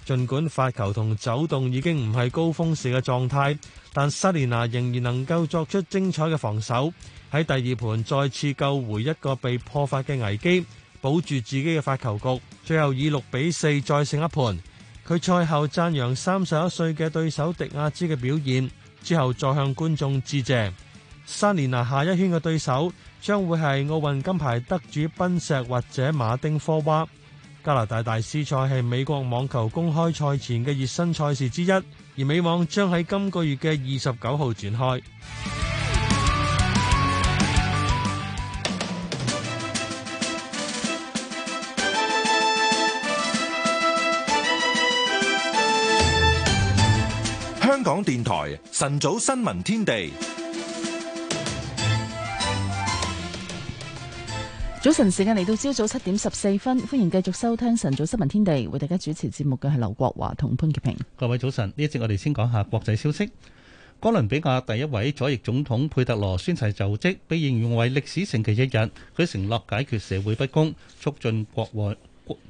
Speaker 14: 盡管發球同走動已經唔係高峰時嘅狀態，但塞蓮娜仍然能夠作出精彩嘅防守。喺第二盤再次救回一個被破發嘅危機，保住自己嘅發球局，最後以六比四再勝一盤。佢賽後讚揚三十一歲嘅對手迪亞茲嘅表現，之後再向觀眾致謝。三連拿下一圈嘅對手將會係奧運金牌得主賓石或者馬丁科娃。加拿大大師賽係美國網球公開賽前嘅熱身賽事之一，而美網將喺今個月嘅二十九號展開。
Speaker 1: 香港電台晨早新聞天地。
Speaker 3: 早晨時間嚟到朝早七點十四分，歡迎繼續收聽晨早新聞天地，為大家主持節目嘅係劉國華同潘潔平。
Speaker 4: 各位早晨，呢一節我哋先講下國際消息。哥倫比亞第一位左翼總統佩特羅宣誓就職，被形容為歷史性嘅一日。佢承諾解決社會不公，促進國和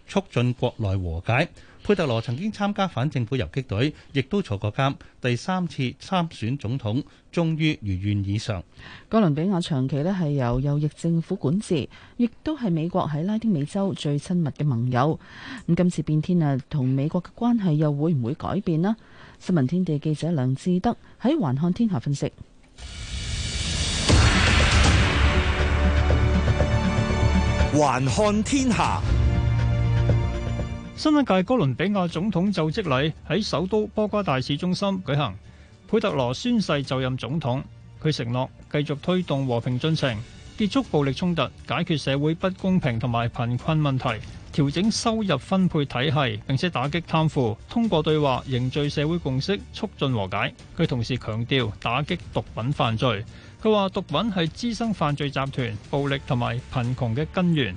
Speaker 4: 促進國內和解。佩特羅曾經參加反政府游擊隊，亦都坐過監。第三次參選總統，終於如願以償。
Speaker 3: 哥倫比亞長期咧係由右翼政府管治，亦都係美國喺拉丁美洲最親密嘅盟友。咁今次變天啊，同美國嘅關係又會唔會改變呢？新聞天地記者梁志德喺環看天下分析。
Speaker 15: 環看天下。新一屆哥倫比亞總統就職禮喺首都波哥大市中心舉行，佩特羅宣誓就任總統。佢承諾繼續推動和平進程，結束暴力衝突，解決社會不公平同埋貧困問題，調整收入分配體系，並且打擊貪腐，通過對話凝聚社會共識，促進和解。佢同時強調打擊毒品犯罪。佢話毒品係滋生犯罪集團、暴力同埋貧窮嘅根源。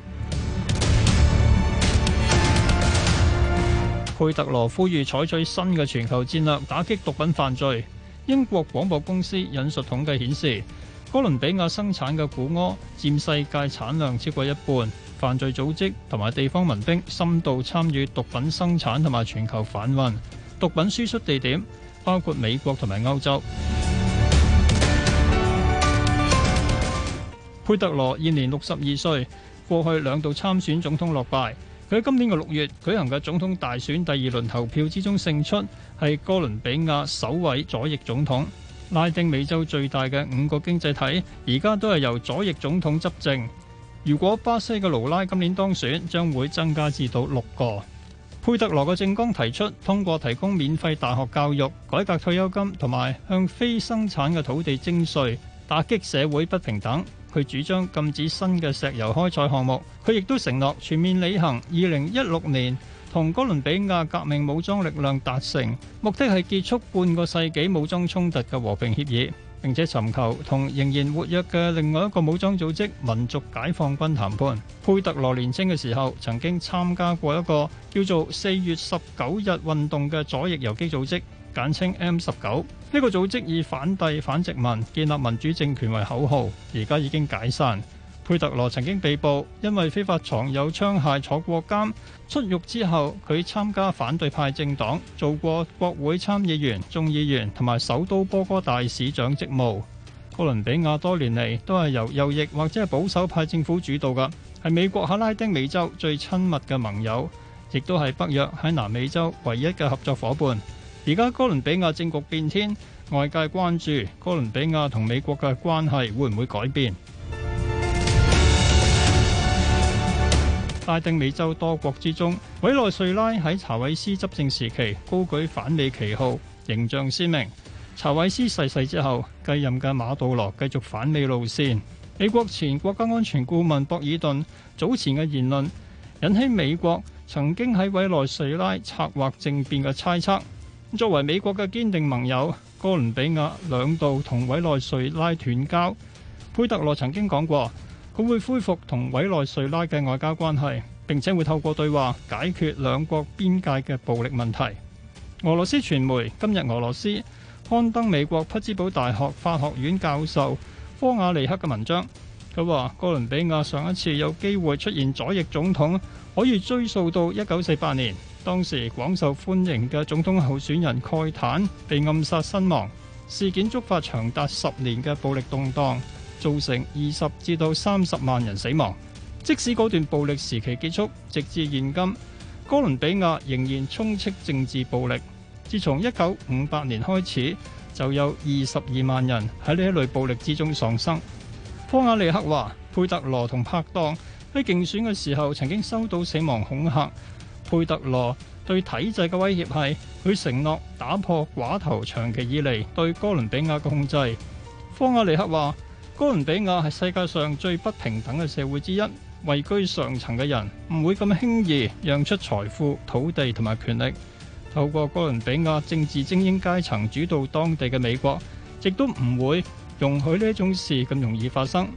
Speaker 15: 佩特羅呼籲採取新嘅全球戰略打擊毒品犯罪。英國廣播公司引述統計顯示，哥倫比亞生產嘅古柯佔世界產量超過一半，犯罪組織同埋地方民兵深度參與毒品生產同埋全球販運。毒品輸出地點包括美國同埋歐洲。 佩特羅現年六十二歲，過去兩度參選總統落敗。佢今年嘅六月舉行嘅總統大選第二輪投票之中勝出，係哥倫比亞首位左翼總統。拉丁美洲最大嘅五個經濟體，而家都係由左翼總統執政。如果巴西嘅盧拉今年當選，將會增加至到六個。佩特羅嘅政綱提出通過提供免費大學教育、改革退休金同埋向非生產嘅土地徵稅，打擊社會不平等。佢主張禁止新嘅石油開採項目，佢亦都承諾全面履行2016年同哥倫比亞革命武裝力量達成，目的係結束半個世紀武裝衝突嘅和平協議，並且尋求同仍然活躍嘅另外一個武裝組織民族解放軍談判。佩特羅年青嘅時候曾經參加過一個叫做四月十九日運動嘅左翼游擊組織。簡稱 M 十九呢個組織以反帝反殖民、建立民主政權為口號，而家已經解散。佩特羅曾經被捕，因為非法藏有槍械坐過監。出獄之後，佢參加反對派政黨，做過國會參議員、眾議員同埋首都波哥大市長職務。哥倫比亞多年嚟都係由右翼或者係保守派政府主導㗎，係美國喺拉丁美洲最親密嘅盟友，亦都係北約喺南美洲唯一嘅合作伙伴。而家哥倫比亞政局變天，外界關注哥倫比亞同美國嘅關係會唔會改變？拉丁 美洲多國之中，委內瑞拉喺查韋斯執政時期高舉反美旗號，形象鮮明。查韋斯逝世之後，繼任嘅馬杜羅繼續反美路線。美國前國家安全顧問博爾頓早前嘅言論，引起美國曾經喺委內瑞拉策劃政變嘅猜測。作為美國嘅堅定盟友，哥倫比亞兩度同委內瑞拉斷交。佩特羅曾經講過，佢會恢復同委內瑞拉嘅外交關係，並且會透過對話解決兩國邊界嘅暴力問題。俄羅斯傳媒今日俄羅斯刊登美國匹茲堡大學法學院教授科瓦尼克嘅文章，佢話哥倫比亞上一次有機會出現左翼總統，可以追溯到一九四八年。當時廣受歡迎嘅總統候選人蓋坦被暗殺身亡，事件觸發長達十年嘅暴力動盪，造成二十至到三十萬人死亡。即使嗰段暴力時期結束，直至現今，哥倫比亞仍然充斥政治暴力。自從一九五八年開始，就有二十二萬人喺呢一類暴力之中喪生。科亞利克話：佩特羅同拍檔喺競選嘅時候，曾經收到死亡恐嚇。佩特羅對體制嘅威脅係佢承諾打破寡頭長期以嚟對哥倫比亞嘅控制。科阿尼克話，哥倫比亞係世界上最不平等嘅社會之一，位居上層嘅人唔會咁輕易讓出財富、土地同埋權力。透過哥倫比亞政治精英階層主導當地嘅美國，亦都唔會容許呢種事咁容易發生。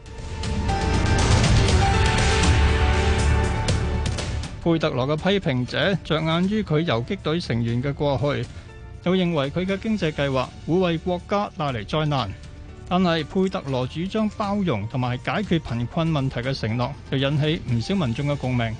Speaker 15: 佩特羅嘅批評者着眼於佢游擊隊成員嘅過去，又認為佢嘅經濟計劃會為國家帶嚟災難。但係佩特羅主張包容同埋解決貧困問題嘅承諾，就引起唔少民眾嘅共鳴。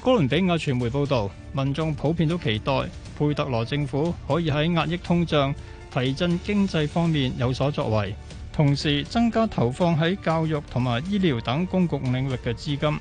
Speaker 15: 哥倫比亞傳媒報道，民眾普遍都期待佩特羅政府可以喺壓抑通脹、提振經濟方面有所作為，同時增加投放喺教育同埋醫療等公共領域嘅資金。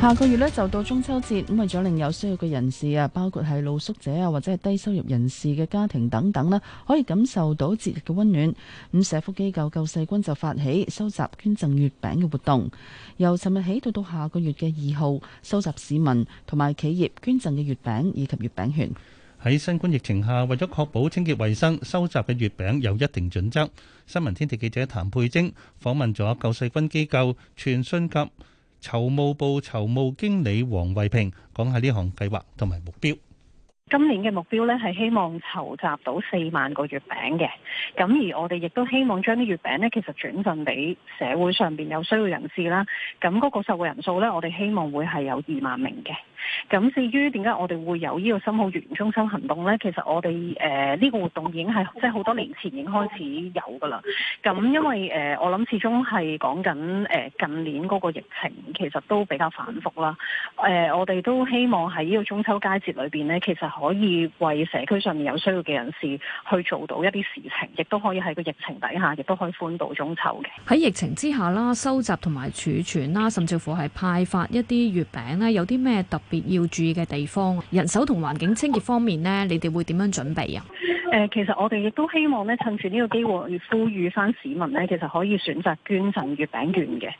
Speaker 3: 下個月呢，就到中秋節，咁為咗令有需要嘅人士啊，包括係露宿者啊，或者係低收入人士嘅家庭等等呢，可以感受到節日嘅溫暖。咁社福機構救世軍就發起收集捐贈月餅嘅活動，由尋日起到到下個月嘅二號，收集市民同埋企業捐贈嘅月餅以及月餅券。
Speaker 4: 喺新冠疫情下，為咗確保清潔衞生，收集嘅月餅有一定準則。新聞天地記者譚佩晶訪問咗救世軍機構傳訊及籌募部籌募經理黃慧平講下呢項計劃同埋目標。
Speaker 16: 今年嘅目標咧係希望籌集到四萬個月餅嘅，咁而我哋亦都希望將啲月餅咧，其實轉贈俾社會上邊有需要人士啦。咁、那、嗰個受惠人數咧，我哋希望會係有二萬名嘅。咁至於點解我哋會有呢個深澳月圓中秋行動呢？其實我哋誒呢個活動已經係即係好多年前已經開始有㗎啦。咁因為誒、呃、我諗始終係講緊誒近年嗰個疫情其實都比較反覆啦。誒、呃、我哋都希望喺呢個中秋佳節裏邊呢，其實可以為社區上面有需要嘅人士去做到一啲事情，亦都可以喺個疫情底下，亦都可以歡度中秋嘅。喺疫情之
Speaker 12: 下啦，收集同埋儲存啦，甚至乎係派發一啲月餅呢，有啲咩特別要注意嘅地方，人手同環境清潔方面呢，你哋會點樣準備啊？
Speaker 16: 誒、呃，其實我哋亦都希望咧，趁住呢個機會，呼籲翻市民咧，其實可以選擇捐贈月餅券嘅。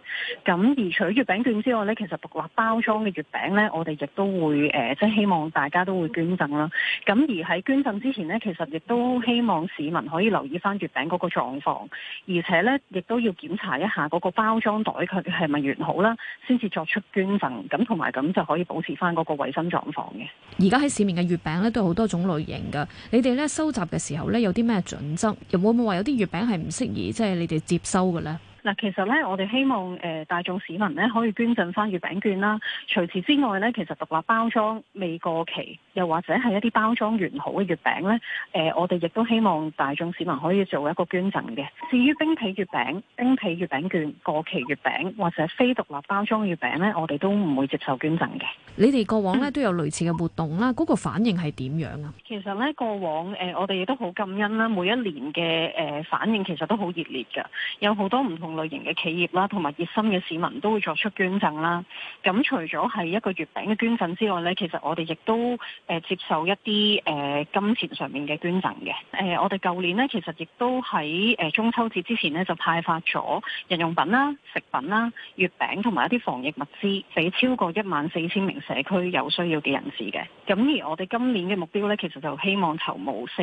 Speaker 16: 咁而除咗月餅券之外咧，其實獨立包裝嘅月餅咧，我哋亦都會誒、呃，即係希望大家都會捐贈啦。咁而喺捐贈之前咧，其實亦都希望市民可以留意翻月餅嗰個狀況，而且咧亦都要檢查一下嗰個包裝袋佢係咪完好啦，先至作出捐贈。咁同埋咁就可以保持翻嗰個衞生狀況嘅。
Speaker 12: 而家喺市面嘅月餅咧，都有好多種類型噶。你哋咧收嘅時候咧，有啲咩準則？又會唔會話有啲月餅係唔適宜，即係你哋接收嘅咧？
Speaker 16: 嗱，其實咧，我哋希望誒大眾市民咧可以捐贈返月餅券啦。除此之外咧，其實獨立包裝未過期，又或者係一啲包裝完好嘅月餅咧，誒，我哋亦都希望大眾市民可以做一個捐贈嘅。至於冰皮月餅、冰皮月餅券、過期月餅或者非獨立包裝月餅咧，我哋都唔會接受捐贈嘅。你哋過往咧都有類似嘅活動啦，嗰個反應係點樣啊？其實咧過往誒，我哋亦都好感恩啦，每一年嘅誒反應其實都好熱烈㗎，有好多唔同類型嘅企業啦，同埋熱心嘅市民都會作出捐贈啦。咁除咗係一個月餅嘅捐贈之外咧，其實我哋亦都誒、呃、接受一啲誒、呃、金錢上面嘅捐贈嘅。誒、呃，我哋舊年咧其實亦都喺誒、呃、中秋節之前咧就派發咗日用品啦、食品啦、月餅同埋一啲防疫物資俾超過一萬四千名社區有需要嘅人士嘅。咁而我哋今年嘅目標咧，其實就希望籌募四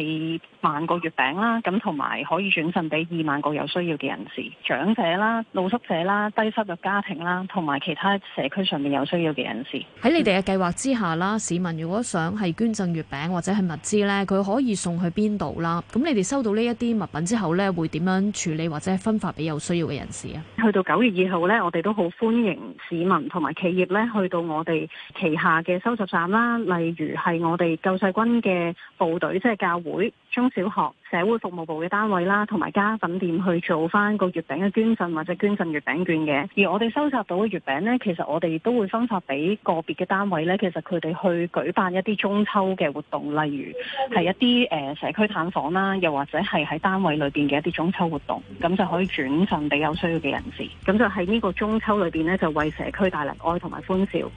Speaker 16: 萬個月餅啦，咁同埋可以轉贈俾二萬個有需要嘅人士獎者啦、露宿者啦、低收入家庭啦，同埋其他社區上面有需要嘅人士。喺你哋嘅計
Speaker 12: 劃之下啦，市民如果想係捐贈月餅或者係物資咧，佢可以送去邊度啦？
Speaker 16: 咁你哋收到呢一啲物品之後咧，會點樣處理或者分發俾有需要嘅人士啊？去到九月二號咧，我哋都好歡迎市民同埋企業咧，去到我哋旗下嘅收集站啦，例如係我哋救世軍嘅部隊，即係教會中小學社會服務部嘅單位啦，同埋家品店去做翻個月餅嘅捐。捐贈或者捐贈月餅券嘅，而我哋收集到嘅月餅呢，其實我哋都會分發俾個別嘅單位呢，其實佢哋去舉辦一啲中秋嘅活動，例如係一啲誒、呃、社區探訪啦，又或者係喺單位裏邊嘅一啲中秋活動，咁就可以轉贈俾有需要嘅人士，咁就喺呢個中秋裏邊呢，就為社區帶嚟愛同埋歡笑。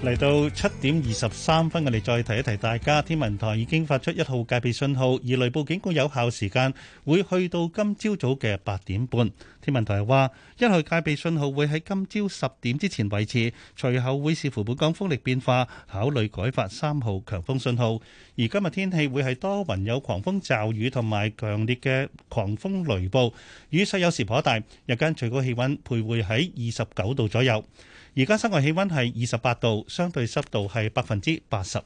Speaker 4: 嚟到七點二十三分，我哋再提一提大家。天文台已經發出一號戒備信號，而雷暴警告有效時間會去到今朝早嘅八點半。天文台話一號戒備信號會喺今朝十點之前維持，隨後會視乎本港風力變化考慮改發三號強風信號。而今日天氣會係多雲，有狂風驟雨同埋強烈嘅狂風雷暴，雨勢有時頗大。日間最高氣溫徘徊喺二十九度左右。而家室外氣溫係二十八度，相對濕度係百分之八十二。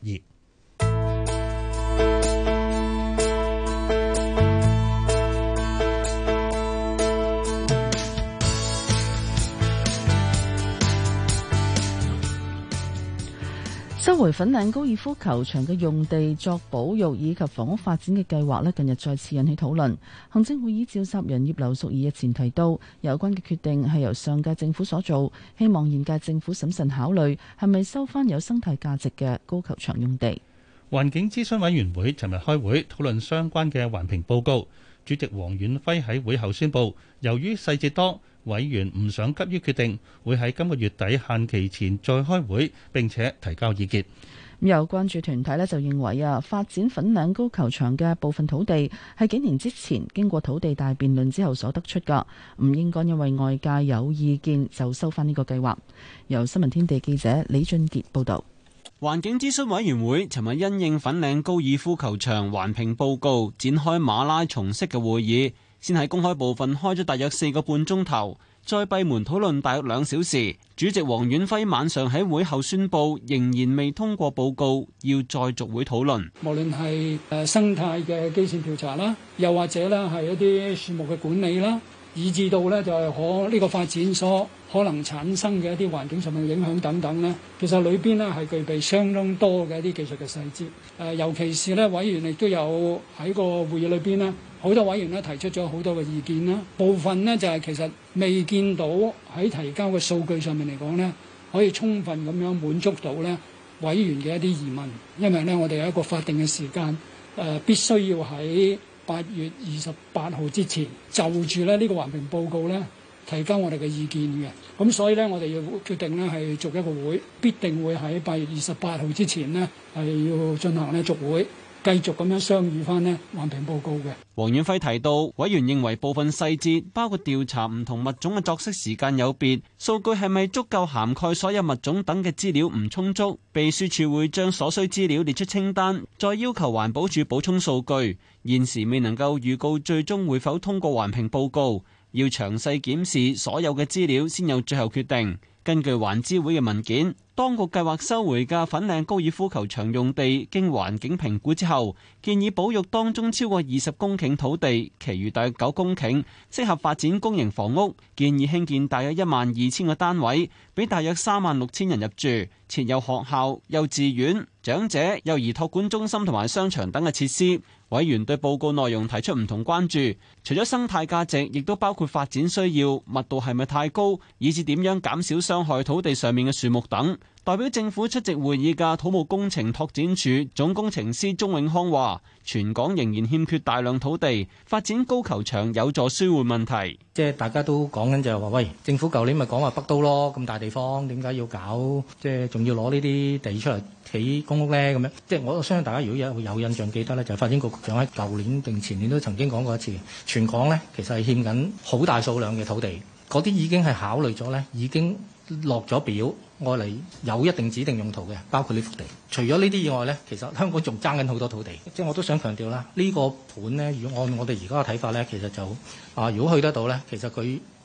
Speaker 3: 收回粉嶺高爾夫球場嘅用地作保育以及房屋發展嘅計劃咧，近日再次引起討論。行政會議召集人葉劉淑儀日前提到，有關嘅決定係由上屆政府所做，希望現屆政府審慎考慮係咪收翻有生態價值嘅高球場用地。
Speaker 4: 環境諮詢委員會尋日開會討論相關嘅環評報告，主席黃遠輝喺會後宣佈，由於細節多。委員唔想急於決定，會喺今個月底限期前再開會，並且提交意見。
Speaker 3: 有關注團體呢就認為啊，發展粉嶺高球場嘅部分土地係幾年之前經過土地大辯論之後所得出噶，唔應該因為外界有意見就收翻呢個計劃。由新聞天地記者李俊杰報道。
Speaker 17: 環境諮詢委員會尋日因應粉嶺高爾夫球場環評報告，展開馬拉松式嘅會議。先喺公開部分開咗大約四個半鐘頭，再閉門討論大約兩小時。主席黃遠輝晚上喺會後宣布，仍然未通過報告，要再續會討論。
Speaker 9: 無論係誒生態嘅基線調查啦，又或者啦係一啲樹木嘅管理啦，以至到咧就係可呢個發展所可能產生嘅一啲環境上面嘅影響等等咧，其實裏邊咧係具備相當多嘅一啲技術嘅細節。誒，尤其是咧委員亦都有喺個會議裏邊咧。好多委員咧提出咗好多嘅意見啦，部分呢，就係其實未見到喺提交嘅數據上面嚟講呢可以充分咁樣滿足到呢委員嘅一啲疑問，因為呢，我哋有一個法定嘅時間，誒、呃、必須要喺八月二十八號之前就住咧呢個環評報告呢提交我哋嘅意見嘅，咁所以呢，我哋要決定呢係續一個會，必定會喺八月二十八號之前呢係要進行呢續會。繼續咁樣商議翻呢環評報告嘅。
Speaker 17: 黃遠輝提到，委員認為部分細節包括調查唔同物種嘅作息時間有別，數據係咪足夠涵蓋所有物種等嘅資料唔充足。秘書處會將所需資料列出清單，再要求環保署補充數據。現時未能夠預告最終會否通過環評報告，要詳細檢視所有嘅資料先有最後決定。根據環諮會嘅文件，當局計劃收回嘅粉嶺高爾夫球場用地，經環境評估之後，建議保育當中超過二十公頃土地，其餘大約九公頃適合發展公營房屋，建議興建大約一萬二千個單位，俾大約三萬六千人入住，設有學校、幼稚園、長者、幼兒托管中心同埋商場等嘅設施。委員對報告內容提出唔同關注，除咗生態價值，亦都包括發展需要、密度係咪太高，以至點樣減少傷害土地上面嘅樹木等。代表政府出席會議嘅土木工程拓展署總工程師鍾永康話，全港仍然欠缺大量土地，發展高球場有助
Speaker 8: 舒緩問題，即係大家都講緊就係話，喂，政府舊年咪講話北都咯，咁大地方，點解要搞？即係仲要攞呢啲地出嚟起公屋咧？咁樣，即係我相信大家如果有有印象記得咧，就係發展局局長喺舊年定前年都曾經講過一次，全港咧其實係欠緊好大數量嘅土地，嗰啲已經係考慮咗咧，已經。落咗表，我嚟有一定指定用途嘅，包括呢幅地。除咗呢啲以外咧，其實香港仲爭緊好多土地，即係我都想強調啦。呢個盤咧，如果按我哋而家嘅睇法咧，其實就啊、呃，如果去得到咧，其實佢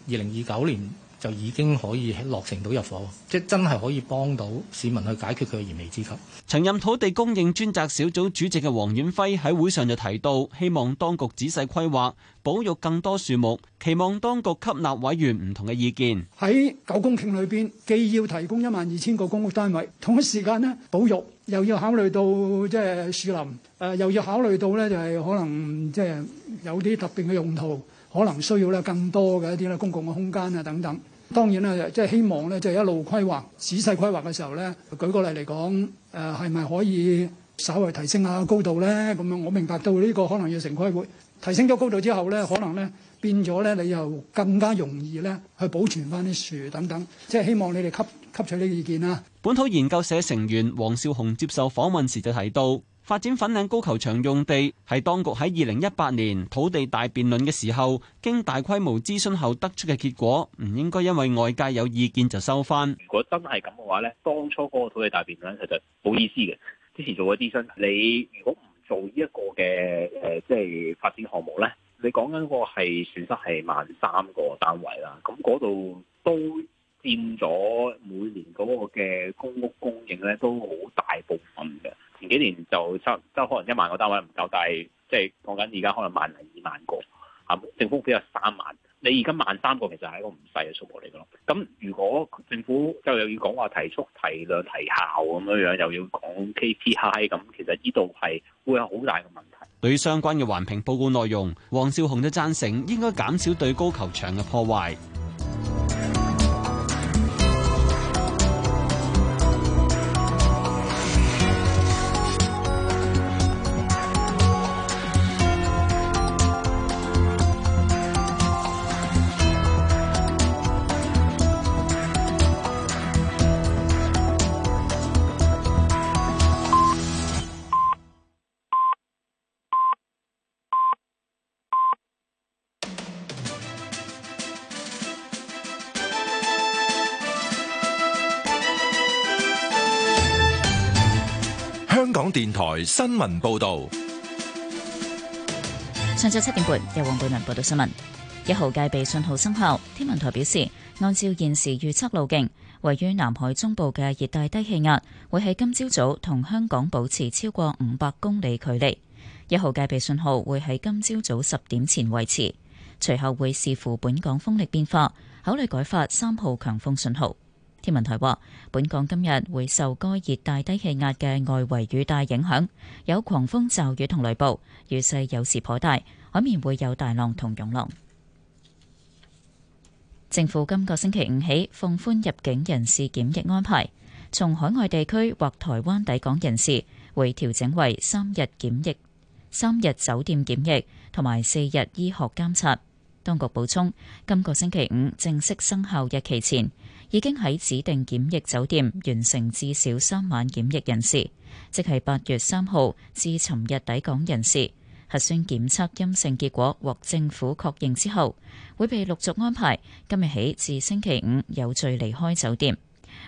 Speaker 8: 二零二九年。就已經可以落成到入伙，即真係可以幫到市民去解決佢嘅燃眉之急。曾任土地供應專責小組
Speaker 17: 主席嘅黃遠輝喺會上就提到，希望當局仔細規劃，保育更多樹木，期望當局吸納委員唔同嘅意見。
Speaker 9: 喺九公頃裏邊，既要提供一萬二千個公屋單位，同一時間咧，保育又要考慮到即係、就是、樹林，誒、呃、又要考慮到咧就係、是、可能即係、就是、有啲特別嘅用途。可能需要咧更多嘅一啲咧公共嘅空間啊等等。當然啦，即係希望咧，即係一路規劃，仔細規劃嘅時候咧，舉個例嚟講，誒係咪可以稍微提升下高度咧？咁樣我明白到呢個可能要城規會提升咗高度之後咧，可能咧變咗咧，你又更加容易咧去保存翻啲樹等等。即係希望你哋吸吸取呢個意見啦。
Speaker 17: 本土研究社成員黃少雄接受訪問時就提到。發展粉嶺高球場用地係當局喺二零一八年土地大辯論嘅時候，經大規模諮詢後得出嘅結果，唔應該因為外界有意見就收翻。如
Speaker 16: 果真係咁嘅話呢，當初嗰個土地大辯論其實冇意思嘅。之前做過諮詢，你如果唔做呢一個嘅誒，即、呃、係發展項目呢，你講緊個係損失係萬三個單位啦。咁嗰度都佔咗每年嗰個嘅公屋供應呢，都好大部分嘅。幾年就收，即可能一萬個單位唔夠，但係即係講緊而家可能萬零二萬個，政府幅只有三萬。你而家萬三個其實係一個唔細嘅數目嚟嘅咯。咁如果政府又又要講話提速、提量、提效咁樣樣，又要講 KPI 咁，其實呢度係會有好大嘅問題。
Speaker 17: 對於相關嘅環評報告內容，黃少雄都贊成應該減少對高球場嘅破壞。
Speaker 1: 台新聞報道，
Speaker 10: 上晝七點半由黃冠文報道新聞。一號戒備信號生效，天文台表示，按照現時預測路徑，位於南海中部嘅熱帶低氣壓會喺今朝早同香港保持超過五百公里距離。一號戒備信號會喺今朝早十點前維持，隨後會視乎本港風力變化，考慮改發三號強風信號。天文台話，本港今日會受該熱帶低氣壓嘅外圍雨帶影響，有狂風驟雨同雷暴，雨勢有時頗大，海面會有大浪同湧浪。政府今個星期五起放寬入境人士檢疫安排，從海外地區或台灣抵港人士會調整為三日檢疫，三日酒店檢疫同埋四日醫學監察。當局補充，今個星期五正式生效日期前。已經喺指定檢疫酒店完成至少三晚檢疫人士，即係八月三號至尋日抵港人士核酸檢測陰性結果獲政府確認之後，會被陸續安排今日起至星期五有序離開酒店。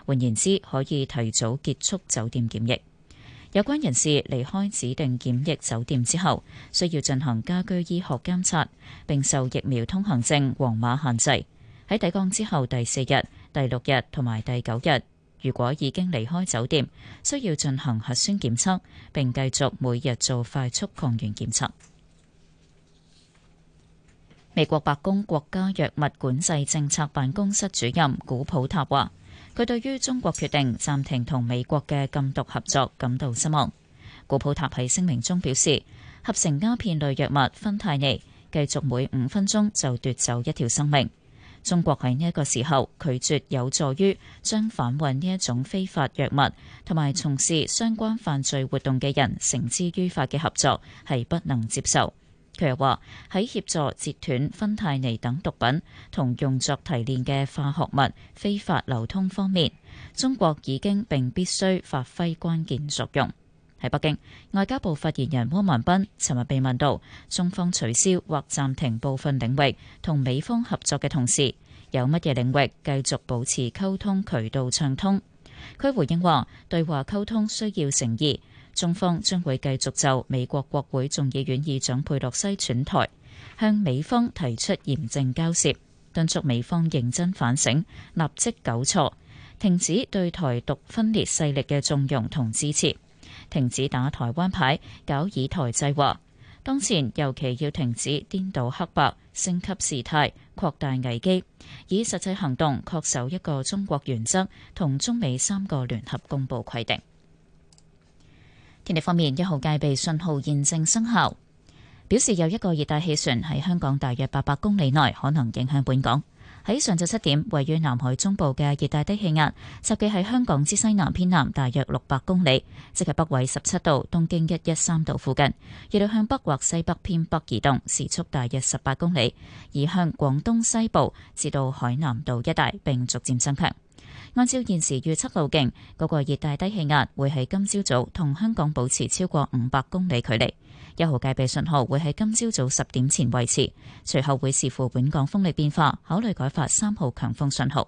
Speaker 10: 換言之，可以提早結束酒店檢疫。有關人士離開指定檢疫酒店之後，需要進行家居醫學監察，並受疫苗通行證黃碼限制。喺抵港之後第四日、第六日同埋第九日，如果已經離開酒店，需要進行核酸檢測，並繼續每日做快速抗原檢測。美國白宮國家藥物管制政策辦公室主任古普塔話，佢對於中國決定暫停同美國嘅禁毒合作感到失望。古普塔喺聲明中表示，合成鴉片類藥物芬太尼繼續每五分鐘就奪走一條生命。中國喺呢一個時候拒絕有助於將販運呢一種非法藥物同埋從事相關犯罪活動嘅人，繩之於法嘅合作係不能接受。佢又話喺協助截斷芬太尼等毒品同用作提煉嘅化學物非法流通方面，中國已經並必須發揮關鍵作用。喺北京，外交部發言人汪文斌尋日被問到，中方取消或暫停部分領域同美方合作嘅同時，有乜嘢領域繼續保持溝通渠道暢通？佢回應話，對話溝通需要誠意，中方將會繼續就美國國會眾議院議長佩洛西轉台向美方提出嚴正交涉，敦促美方認真反省，立即糾錯，停止對台獨分裂勢力嘅縱容同支持。停止打台灣牌，搞以台制華。當前尤其要停止顛倒黑白、升級事態、擴大危機，以實際行動恪守一個中國原則同中美三個聯合公佈規定。天氣方面，一號戒備信號現正生效，表示有一個熱帶氣旋喺香港大約八百公里內，可能影響本港。喺上晝七點，位於南海中部嘅熱帶低氣壓，集結喺香港之西南偏南大約六百公里，即係北緯十七度、東經一一三度附近，預料向北或西北偏北移動，時速大約十八公里，而向廣東西部至到海南島一帶並逐漸增強。按照現時預測路徑，嗰個熱帶低氣壓會喺今朝早同香港保持超過五百公里距離。一號戒備信號會喺今朝早十點前維持，隨後會視乎本港風力變化，考慮改發三號強風信號。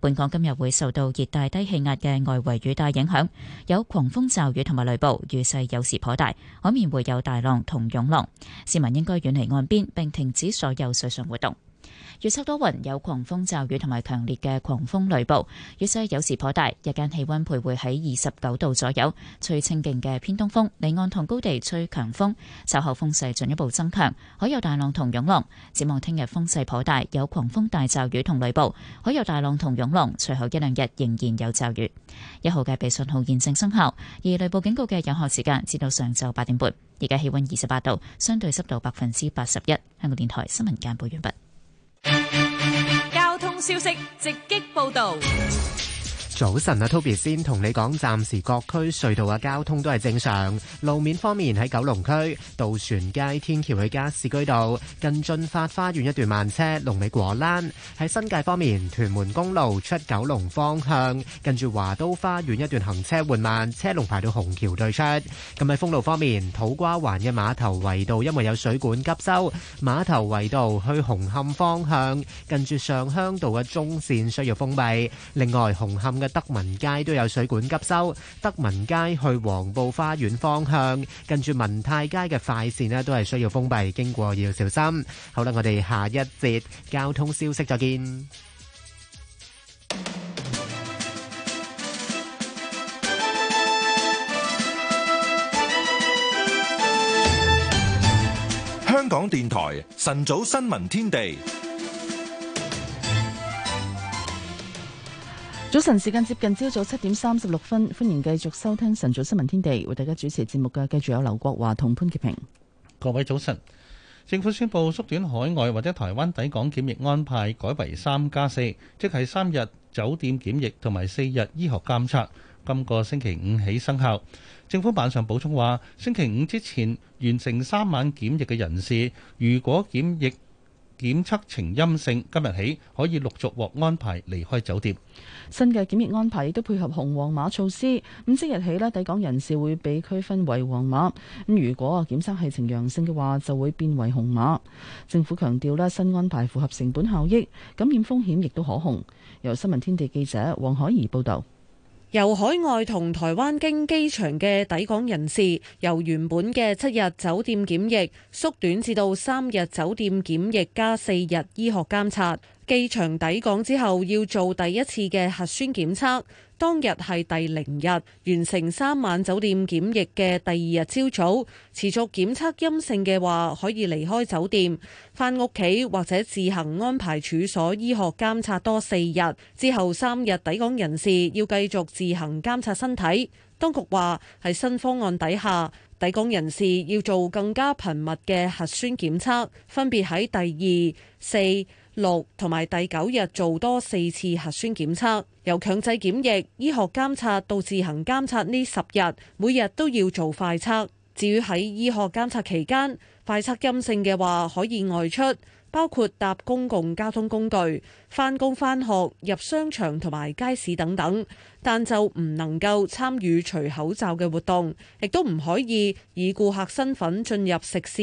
Speaker 10: 本港今日會受到熱帶低氣壓嘅外圍雨帶影響，有狂風驟雨同埋雷暴，雨勢有時頗大，海面會有大浪同湧浪，市民應該遠離岸邊，並停止所有水上活動。預測多雲，有狂風驟雨同埋強烈嘅狂風雷暴，雨勢有時頗大。日間氣溫徘徊喺二十九度左右，吹清勁嘅偏東風，離岸同高地吹強風。稍後風勢進一步增強，海有大浪同湧浪。展望聽日風勢頗大，有狂風大驟雨同雷暴，海有大浪同湧浪。隨後一兩日仍然有驟雨。一號戒備信號現正生效，而雷暴警告嘅有效時間至到上晝八點半。而家氣溫二十八度，相對濕度百分之八十一。香港電台新聞簡報完畢。
Speaker 12: 交通消息直擊報道。
Speaker 10: 早
Speaker 11: 晨啊，Toby 先同你講，暫時各區隧道嘅交通都係正常。路面方面喺九龍區，渡船街天橋去加士居道近駿發花園一段慢車，龍尾果欄；喺新界方面，屯門公路出九龍方向近住華都花園一段行車緩慢，車龍排到虹橋對出。咁喺封路方面，土瓜灣嘅碼頭圍道因為有水管急修，碼頭圍道去紅磡方向近住上鄉道嘅中線需要封閉。另外，紅磡。嘅德文街都有水管急修，德文街去黃埔花園方向，近住文泰街嘅快綫咧都係需要封閉，經過要小心。好啦，我哋下一節交通消息再見。
Speaker 1: 香港電台晨早新聞天地。
Speaker 3: 早晨時間接近朝早七點三十六分，歡迎繼續收聽晨早新聞天地，為大家主持節目嘅繼續有劉國華同潘潔平。
Speaker 4: 各位早晨，政府宣布縮短海外或者台灣抵港檢疫安排，改為三加四，即係三日酒店檢疫同埋四日醫學監察。今個星期五起生效。政府晚上補充話，星期五之前完成三晚檢疫嘅人士，如果檢疫。檢測呈陰性，今日起可以陸續獲安排離開酒店。
Speaker 3: 新嘅檢疫安排亦都配合紅黃碼措施，咁即日起咧抵港人士會被區分為黃碼，咁如果檢測係呈陽性嘅話，就會變為紅碼。政府強調咧新安排符合成本效益，感染風險亦都可控。由新聞天地記者黃海怡報道。
Speaker 18: 由海外同台灣經機場嘅抵港人士，由原本嘅七日酒店檢疫縮短至到三日酒店檢疫加四日醫學監察。機場抵港之後，要做第一次嘅核酸檢測。當日係第零日，完成三晚酒店檢疫嘅第二日朝早，持續檢測陰性嘅話，可以離開酒店翻屋企或者自行安排處所醫學監察多四日。之後三日抵港人士要繼續自行監察身體。當局話喺新方案底下，抵港人士要做更加頻密嘅核酸檢測，分別喺第二、四、六同埋第九日做多四次核酸檢測，由強制檢疫、醫學監察到自行監察呢十日，每日都要做快測。至於喺醫學監察期間，快測陰性嘅話，可以外出。包括搭公共交通工具、返工返學、入商場同埋街市等等，但就唔能夠參與除口罩嘅活動，亦都唔可以以顧客身份進入食肆、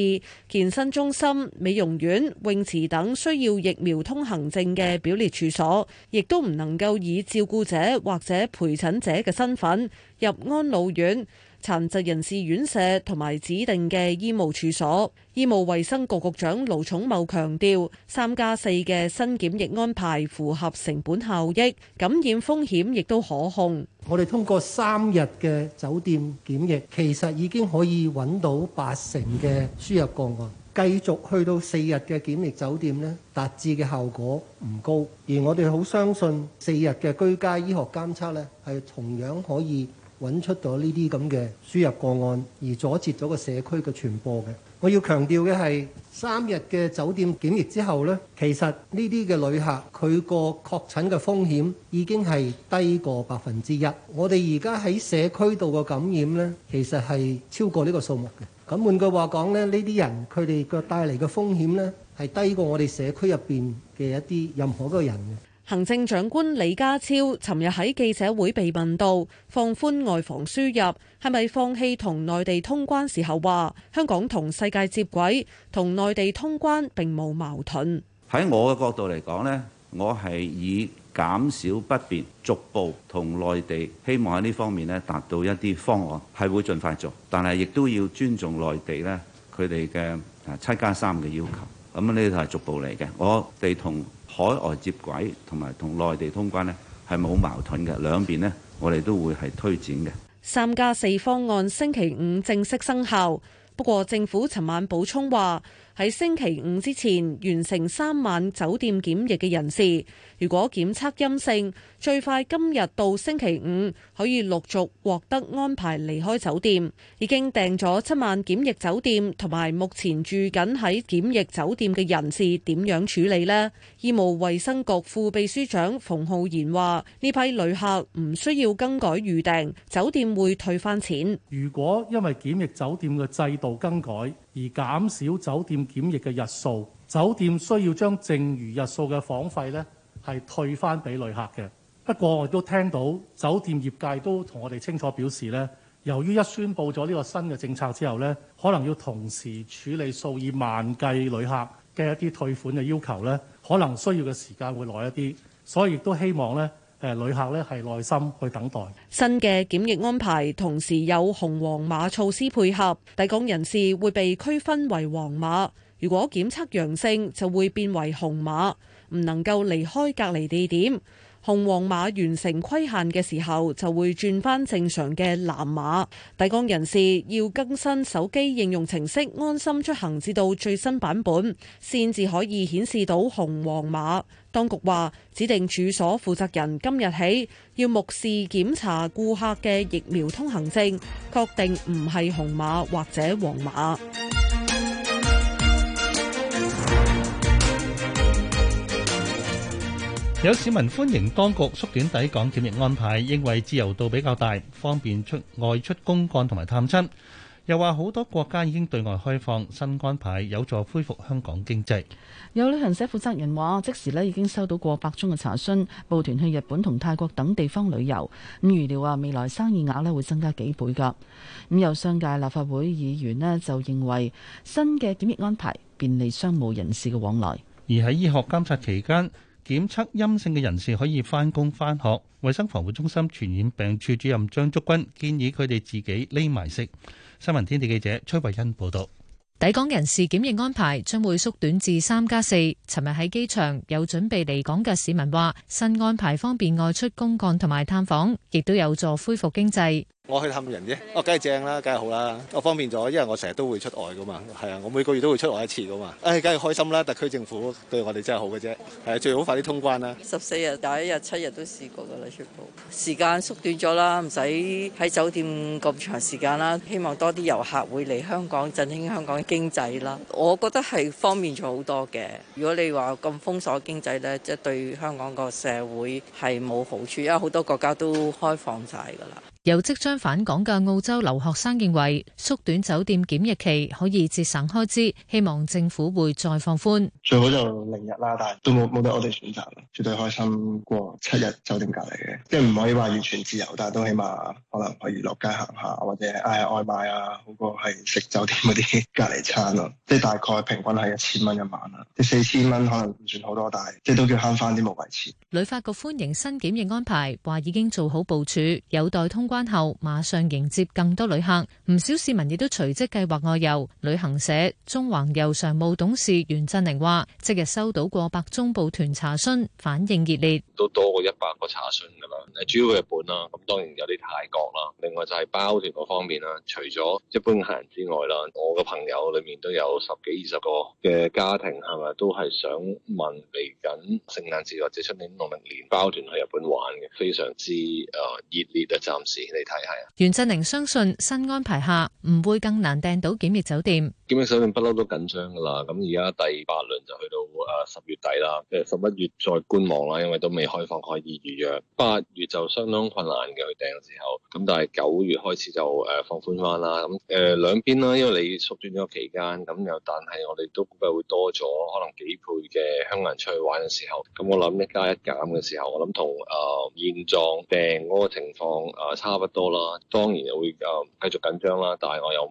Speaker 18: 健身中心、美容院、泳池等需要疫苗通行證嘅表列處所，亦都唔能夠以照顧者或者陪診者嘅身份入安老院。殘疾人士院舍同埋指定嘅醫務處所，醫務衛生局局長盧寵茂強調，三加四嘅新檢疫安排符合成本效益，感染風險亦都可
Speaker 11: 控。我哋通過三日嘅酒店檢疫，其實已經可以揾到八成嘅輸入個案。繼續去到四日嘅檢疫酒店咧，達至嘅效果唔高，而我哋好相信四日嘅居家醫學監測咧，係同樣可以。揾出到呢啲咁嘅輸入個案，而阻截咗個社區嘅傳播嘅。我要強調嘅係三日嘅酒店檢疫之後呢，其實呢啲嘅旅客佢個確診嘅風險已經係低過百分之一。我哋而家喺社區度嘅感染呢，其實係超過呢個數目嘅。咁換句話講呢，呢啲人佢哋個帶嚟嘅風險呢，係低過我哋社區入邊嘅一啲任何一個人嘅。
Speaker 18: 行政長官李家超尋日喺記者會被問到放寬外防輸入係咪放棄同內地通關時候，話，香港同世界接軌同內地通關並冇矛盾。
Speaker 16: 喺
Speaker 4: 我嘅角度嚟講呢，我係以減少不便，逐步同內地希望喺呢方面呢達到一啲方案係會盡快做，但係亦都要尊重內地呢佢哋嘅七加三嘅要求，咁呢度係逐步嚟嘅，我哋同。海外接軌同埋同內地通關呢係咪好矛盾嘅？兩邊呢，我哋都會係推展嘅。
Speaker 18: 三加四方案星期五正式生效，不過政府尋晚補充話，喺星期五之前完成三晚酒店檢疫嘅人士。如果檢測陰性，最快今日到星期五可以陸續獲得安排離開酒店。已經訂咗七萬檢疫酒店同埋，目前住緊喺檢疫酒店嘅人士點樣處理呢？醫務衛生局副秘書長馮浩然話：呢批旅客唔需
Speaker 14: 要更改預訂，酒店會退翻錢。如果因為檢疫酒店嘅制度更改而減少酒店檢疫嘅日數，酒店需要將剩
Speaker 4: 餘日數嘅房費呢，係退翻俾旅客嘅，不過我都聽到酒店業界都同我哋清楚表示咧，由於一宣布咗呢個新嘅政策之後，呢可能要同時處理數以萬計旅，旅客嘅一啲退款嘅要求，呢可能需要嘅時間會耐一啲，所以亦都希望呢誒、呃、旅客呢係耐心去
Speaker 16: 等待
Speaker 18: 新嘅檢疫安排，同時有紅黃碼措施配合抵港人士會被區分為黃碼。如果檢測陽性就會變為紅碼，唔能夠離開隔離地點。紅黃碼完成規限嘅時候就會轉翻正常嘅藍碼。抵港人士要更新手機應用程式安心出行至到最新版本，先至可以顯示到紅黃碼。當局話指定處所負責人今日起要目視檢查顧客嘅疫苗通行證，確定唔係紅碼或者黃
Speaker 4: 碼。有市民歡迎當局縮短抵港檢疫安排，認為自由度比較大，方便出外出公幹同埋探親。又話好多國家已經對外開放新安排，有助恢復香港經濟。
Speaker 3: 有旅行社負責人話，即時咧已經收到過百宗嘅查詢，報團去日本同泰國等地方旅遊。咁預料啊，未來生意額咧會增加幾倍㗎。有商界立法會議員咧就認為新嘅檢疫安排便利商務人士嘅往來。
Speaker 4: 而喺醫學監察期間。檢測陰性嘅人士可以返工返學。衛生防護中心傳染病處主任張竹君建議佢哋自己匿埋食。新聞天地記者崔慧欣報道。
Speaker 12: 抵港人士檢疫安排將會縮短至三加四。尋日喺機場有準備離港嘅市民話，新安排方便外出公幹同埋探訪，亦都有助恢復經濟。
Speaker 14: 我去探人啫，哦梗係正啦，梗係好啦，我方便咗，因為我成日都會出外噶嘛，係啊，我每個月都會出外一次噶嘛，誒、哎，梗係開心啦！特區政府對我哋真係好嘅啫，係啊，最好快啲通關啦！
Speaker 3: 十四日、第一日、七日、日都試過噶啦，全部時間縮短咗啦，唔使喺酒店咁長時間啦。希望多啲遊客會嚟香港，振興香港嘅經濟啦。我覺得係方便咗好多嘅。如果你話咁封鎖經濟咧，即、就、係、是、對香港個社會係冇好處，因為好多國家都開放晒噶啦。
Speaker 12: 有即將返港嘅澳洲留學生認為縮短酒店檢疫期可以節省開支，希望政府會再放寬。最好
Speaker 2: 就零日啦，但係都冇冇得我哋選擇，絕對開心過七日酒店隔離嘅，即係唔可以話完全自由，但係都起碼可能可以落街行下或者嗌、哎、外賣啊，好過係食酒店嗰啲隔離餐咯、啊。即係大概平均係一千蚊一晚啦，即係四千蚊可能唔算好多，但係即係都叫慳翻啲冇謂錢。
Speaker 12: 旅發局歡迎新檢疫安排，話已經做好部署，有待通。關後馬上迎接更多旅客，唔少市民亦都隨即計劃外遊。旅行社中環遊常務董事袁振寧話，即日收到過百宗報團查詢，反應熱烈，
Speaker 14: 都多過一百個查詢㗎喇。主要日本啦，咁當然有啲泰國啦，另外就係包團嗰方面啦。除咗一般客人之外啦，我嘅朋友裏面都有十幾二十個嘅家庭，係咪都係想問嚟緊聖誕節或者出年、農曆年包團去日本玩嘅，非常之誒熱烈啊！暫時。你睇下，
Speaker 12: 袁振寧相信新安排下唔會更難訂到檢疫酒店。
Speaker 14: 檢疫酒店不嬲都緊張㗎啦，咁而家第八輪就去到誒、啊、十月底啦，誒、呃、十一月再觀望啦，因為都未開放可以預約。八月就相當困難嘅去訂嘅時候，咁但係九月開始就誒放寬翻啦。咁、嗯、誒、呃、兩邊啦，因為你縮短咗期間，咁、嗯、又但係我哋都估計會多咗可能幾倍嘅香港人出去玩嘅時候，咁、嗯、我諗一加一減嘅時候，我諗同誒、呃、現狀訂嗰個情況誒差不多啦，當然會誒繼續緊張啦，但係我又誒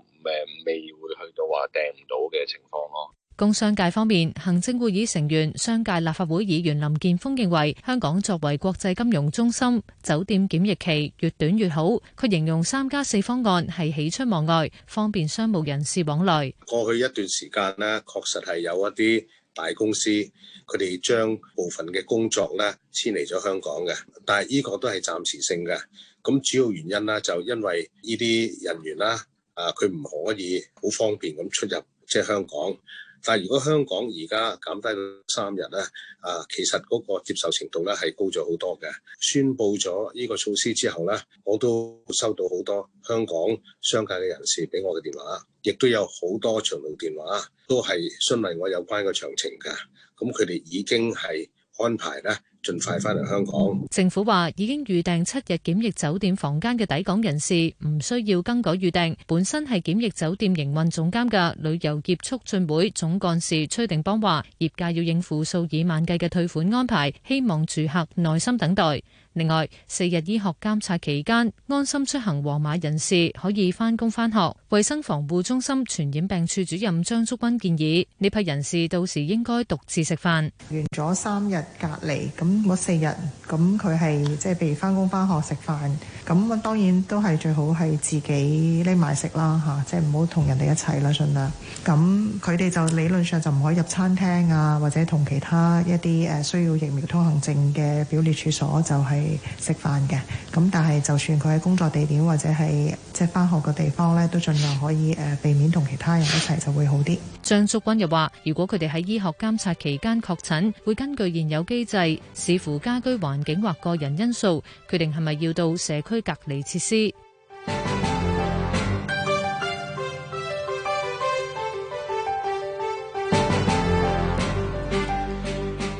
Speaker 14: 未會去到話訂唔到嘅情況咯。
Speaker 12: 工商界方面，行政會議成員、商界立法會議員林健鋒認為，香港作為國際金融中心，酒店檢疫期越短越好。佢形容三加四方案係喜出望外，方便商務人士往來。
Speaker 4: 過去一段時間咧，確實係有一啲大公司佢哋將部分嘅工作咧遷離咗香港嘅，但係依個都係暫時性嘅。咁主要原因啦，就因為呢啲人員啦，啊，佢唔可以好方便咁出入即係、就是、香港。但係如果香港而家減低到三日咧，啊，其實嗰個接受程度咧係高咗好多嘅。宣布咗呢個措施之後咧，我都收到好多香港商界嘅人士俾我嘅電話，亦都有好多長途電話，都係詢問我有關嘅詳情㗎。咁佢哋已經係安排咧。盡快返嚟香港。
Speaker 12: 政府話已經預訂七日檢疫酒店房間嘅抵港人士唔需要更改預訂。本身係檢疫酒店營運總監嘅旅遊業促進會總幹事崔定邦話：業界要應付數以萬計嘅退款安排，希望住客耐心等待。另外，四日醫學監察期間，安心出行黃碼人士可以返工返學。衛生防護中心傳染病處主任張竹君建議，呢批人士到時應該獨自食飯。完咗三日隔離，咁
Speaker 2: 嗰四日，咁佢係即係譬如返工返學食飯。咁當然都係最好係自己匿埋食啦吓，即係唔好同人哋一齊啦，盡量。咁佢哋就理論上就唔可以入餐廳啊，或者同其他一啲誒需要疫苗通行證嘅表列處所就係食飯嘅。咁但係就算佢喺工作地點或者係即係返學嘅地方咧，都盡量可以誒避免同其
Speaker 16: 他人一齊就會好啲。
Speaker 12: 張竹君又話，如果佢哋喺醫學監察期間確診，會根據現有機制，視乎家居環境或個人因素，決定係咪要到社區。隔離設施。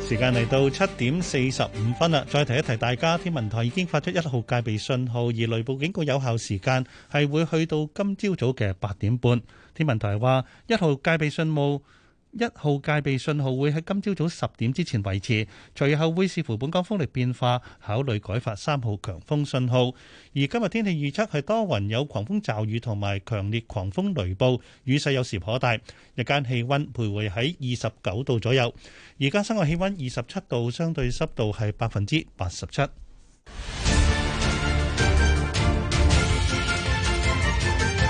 Speaker 4: 時間嚟到七點四十五分啦，再提一提大家，天文台已經發出一號戒備信號，而雷暴警告有效時間係會去到今朝早嘅八點半。天文台話一號戒備信號。一號戒備信號會喺今朝早十點之前維持，隨後會視乎本港風力變化，考慮改發三號強風信號。而今日天氣預測係多雲，有狂風驟雨同埋強烈狂風雷暴，雨勢有時頗大。日間氣温徘徊喺二十九度左右，而家室外氣温二十七度，相對濕度係百分之八十七。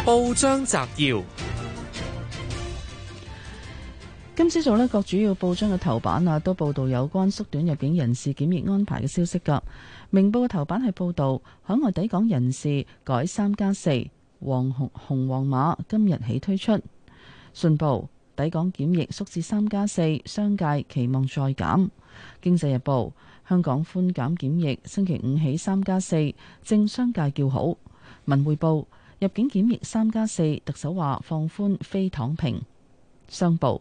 Speaker 11: 報章摘要。
Speaker 3: 今朝早呢各主要報章嘅頭版啊，都報道有關縮短入境人士檢疫安排嘅消息。噶明報嘅頭版係報道海外抵港人士改三加四，黃紅紅黃碼今日起推出。信報抵港檢疫縮至三加四，商界期望再減。經濟日報香港寬減檢疫，星期五起三加四，政商界叫好。文匯報入境檢疫三加四，特首話放寬非躺平。商報。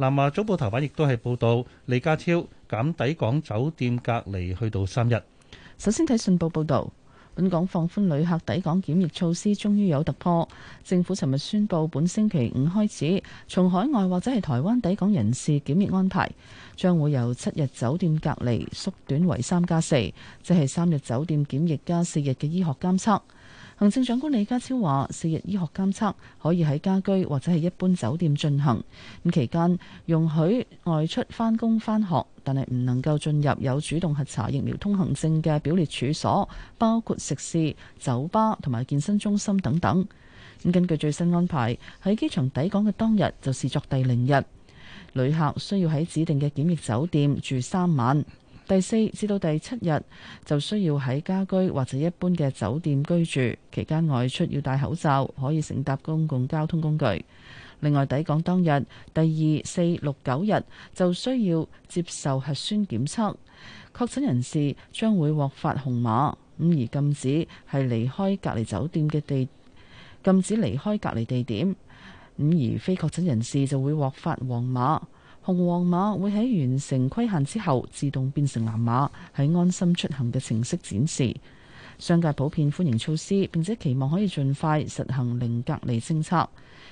Speaker 4: 南華早報頭版亦都係報道，李家超減抵港酒店隔離去到三日。
Speaker 3: 首先睇信報報道，本港放寬旅客抵港檢疫措施終於有突破。政府尋日宣布，本星期五開始，從海外或者係台灣抵港人士檢疫安排，將會由七日酒店隔離縮短為三加四，即係三日酒店檢疫加四日嘅醫學監測。行政長官李家超話：四日醫學監測可以喺家居或者係一般酒店進行。咁期間容許外出返工返學，但係唔能夠進入有主動核查疫苗通行證嘅表列處所，包括食肆、酒吧同埋健身中心等等。咁根據最新安排，喺機場抵港嘅當日就視作第零日，旅客需要喺指定嘅檢疫酒店住三晚。第四至到第七日就需要喺家居或者一般嘅酒店居住，期間外出要戴口罩，可以乘搭公共交通工具。另外抵港當日、第二、四、六、九日就需要接受核酸檢測，確診人士將會獲發紅碼，咁而禁止係離開隔離酒店嘅地，禁止離開隔離地點，咁而非確診人士就會獲發黃碼。紅黃馬會喺完成規限之後自動變成藍馬，喺安心出行嘅程式展示。商界普遍歡迎措施，並且期望可以盡快實行零隔離政策。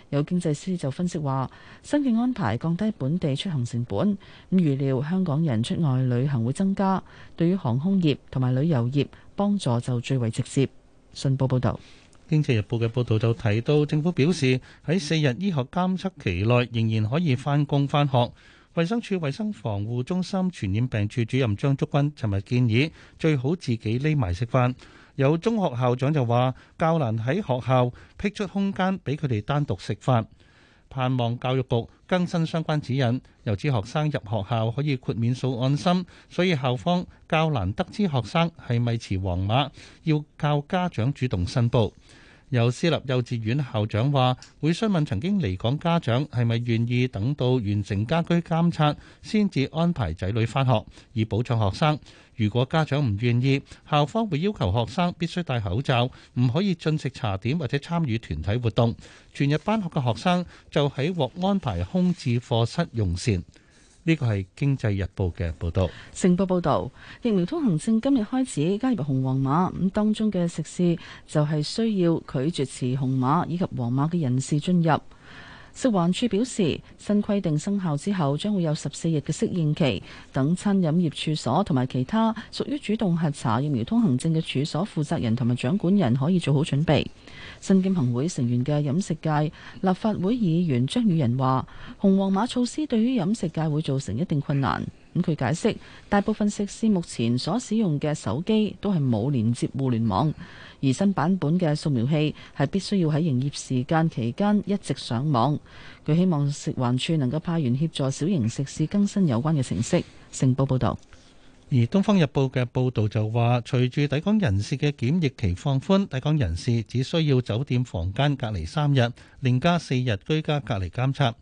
Speaker 3: 有經濟師就分析話，新嘅安排降低本地出行成本，咁預料香港人出外旅行會增加，對於航空業同埋旅遊業幫助就最為直接。信報報道。
Speaker 4: 《經濟日報》嘅報導就提到，政府表示喺四日醫學監測期內仍然可以返工返學。衛生署衞生防護中心傳染病處主任張竹君尋日建議，最好自己匿埋食飯。有中學校長就話，較難喺學校辟出空間俾佢哋單獨食飯，盼望教育局更新相關指引，由此學生入學校可以豁免數安心。所以校方較難得知學生係咪持黃碼，要教家長主動申報。有私立幼稚園校長話：會詢問曾經離港家長係咪願意等到完成家居監測先至安排仔女返學，以保障學生。如果家長唔願意，校方會要求學生必須戴口罩，唔可以進食茶點或者參與團體活動。全日班學嘅學生就喺獲安排空置課室用膳。呢個係《經濟日報》嘅報道。
Speaker 3: 成報報道，疫苗通行證今日開始加入紅黃碼，咁當中嘅食肆就係需要拒絕持紅碼以及黃碼嘅人士進入。食環署表示，新規定生效之後，將會有十四日嘅適應期，等餐飲業處所同埋其他屬於主動核查疫苗通行證嘅處所負責人同埋掌管人可以做好準備。身兼行會成員嘅飲食界立法會議員張宇人話：紅黃碼措施對於飲食界會造成一定困難。佢解釋，大部分食肆目前所使用嘅手機都係冇連接互聯網，而新版本嘅掃描器係必須要喺營業時間期間一直上網。佢希望食環署能夠派員協助小型食肆更新有關嘅程式。成報報導。
Speaker 4: 而《東方日報》嘅報導就話，隨住抵港人士嘅檢疫期放寬，抵港人士只需要酒店房間隔離三日，另加四日居家隔離監察。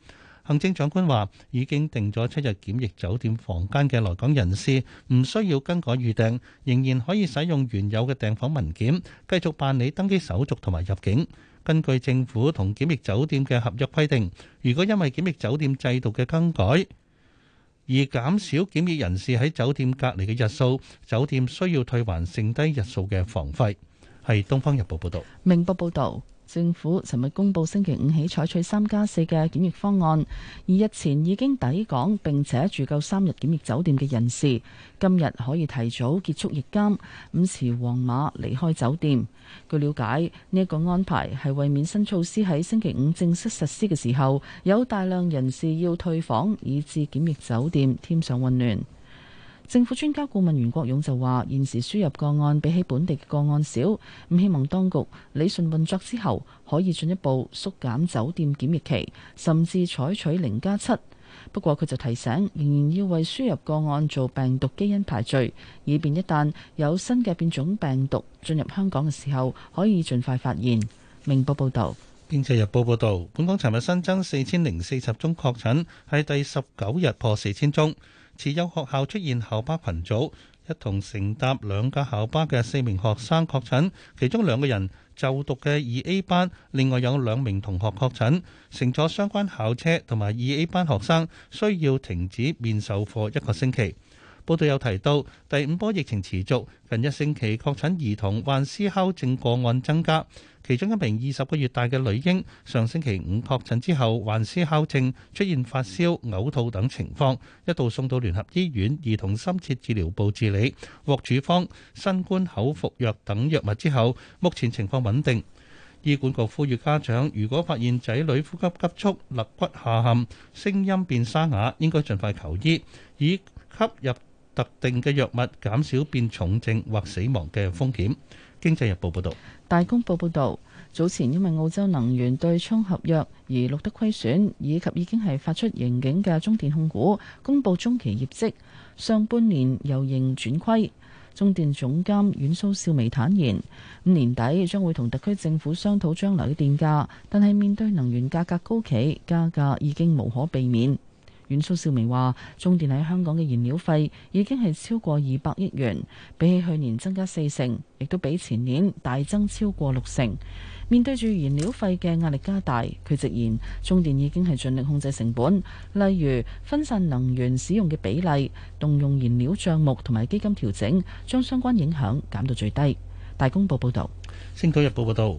Speaker 4: 行政長官話：已經訂咗七日檢疫酒店房間嘅來港人士，唔需要更改預訂，仍然可以使用原有嘅訂房文件，繼續辦理登機手續同埋入境。根據政府同檢疫酒店嘅合約規定，如果因為檢疫酒店制度嘅更改而減少檢疫人士喺酒店隔離嘅日數，酒店需要退還剩低日數嘅房費。係《東方日報》報導，
Speaker 3: 《明報》報導。政府尋日公布星期五起採取三加四嘅檢疫方案，而日前已經抵港並且住夠三日檢疫酒店嘅人士，今日可以提早結束疫監，午時皇馬離開酒店。據了解，呢一個安排係為免新措施喺星期五正式實施嘅時候，有大量人士要退房，以致檢疫酒店添上混亂。政府專家顧問袁國勇就話：現時輸入個案比起本地個案少，咁希望當局理順運作之後，可以進一步縮減酒店檢疫期，甚至採取零加七。不過佢就提醒，仍然要為輸入個案做病毒基因排序，以便一旦有新嘅變種病毒進入香港嘅時候，可以盡快發現。
Speaker 4: 明報報道：《經濟日報》報道，本港尋日新增四千零四十宗確診，喺第十九日破四千宗。持有學校出現校巴群組，一同乘搭兩架校巴嘅四名學生確診，其中兩個人就讀嘅二 A 班，另外有兩名同學確診，乘坐相關校車同埋二 A 班學生需要停止面授課一個星期。報道有提到，第五波疫情持續，近一星期確診兒童患思考症個案增加。其中一名二十個月大嘅女嬰，上星期五確診之後患思考症，出現發燒、嘔吐等情況，一度送到聯合醫院兒童深切治療部治理，獲處方新冠口服藥等藥物之後，目前情況穩定。醫管局呼籲家長，如果發現仔女呼吸急促、肋骨下陷、聲音變沙啞，應該盡快求醫，以吸入。特定嘅藥物，減少變重症或死亡嘅風險。經濟日報報道，
Speaker 3: 大公報報道，早前因為澳洲能源對沖合約而錄得虧損，以及已經係發出盈警嘅中電控股，公布中期業績，上半年由盈轉虧。中電總監阮蘇少微坦言，五年底將會同特區政府商討將來嘅電價，但係面對能源價格高企，加價已經無可避免。阮蘇少梅話，中電喺香港嘅燃料費已經係超過二百億元，比起去年增加四成，亦都比前年大增超過六成。面對住燃料費嘅壓力加大，佢直言中電已經係盡力控制成本，例如分散能源使用嘅比例，動用燃料賬目同埋基金調整，將相關影響減到最低。大公報報道，
Speaker 4: 星島日報報道。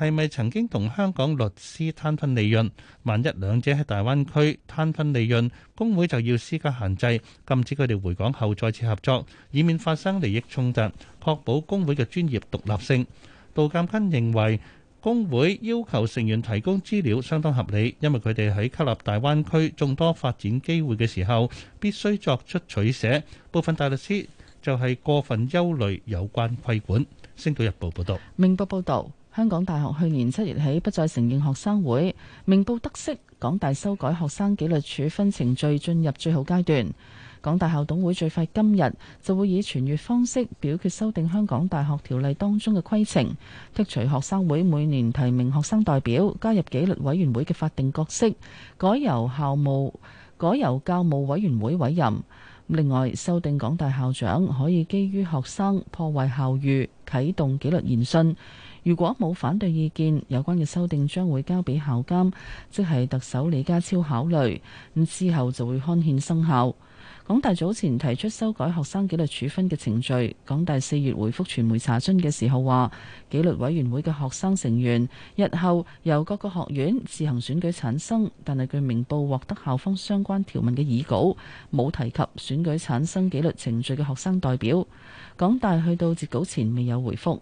Speaker 4: 係咪曾經同香港律師攤分利潤？萬一兩者喺大灣區攤分利潤，公會就要施加限制，禁止佢哋回港後再次合作，以免發生利益衝突，確保公會嘅專業獨立性。杜鑑坤認為，公會要求成員提供資料相當合理，因為佢哋喺吸納大灣區眾多發展機會嘅時候，必須作出取捨。部分大律師就係過分憂慮有關規管。星島日報報道。
Speaker 3: 明報報導。香港大學去年七月起不再承認學生會。明報得悉，港大修改學生紀律處分程序進入最後階段。港大校董會最快今日就會以傳閱方式表決修訂香港大學條例當中嘅規程，剔除學生會每年提名學生代表加入紀律委員會嘅法定角色，改由校務改由教務委員會委任。另外，修訂港大校長可以基於學生破壞校譽，啟動紀律研訊。如果冇反對意見，有關嘅修訂將會交俾校監，即係特首李家超考慮，咁之後就會刊憲生效。港大早前提出修改學生紀律處分嘅程序。港大四月回覆傳媒查詢嘅時候話，紀律委員會嘅學生成員日後由各個學院自行選舉產生，但係據明報獲得校方相關條文嘅議稿，冇提及選舉產生紀律程序嘅學生代表。港大去到截稿前未有回覆。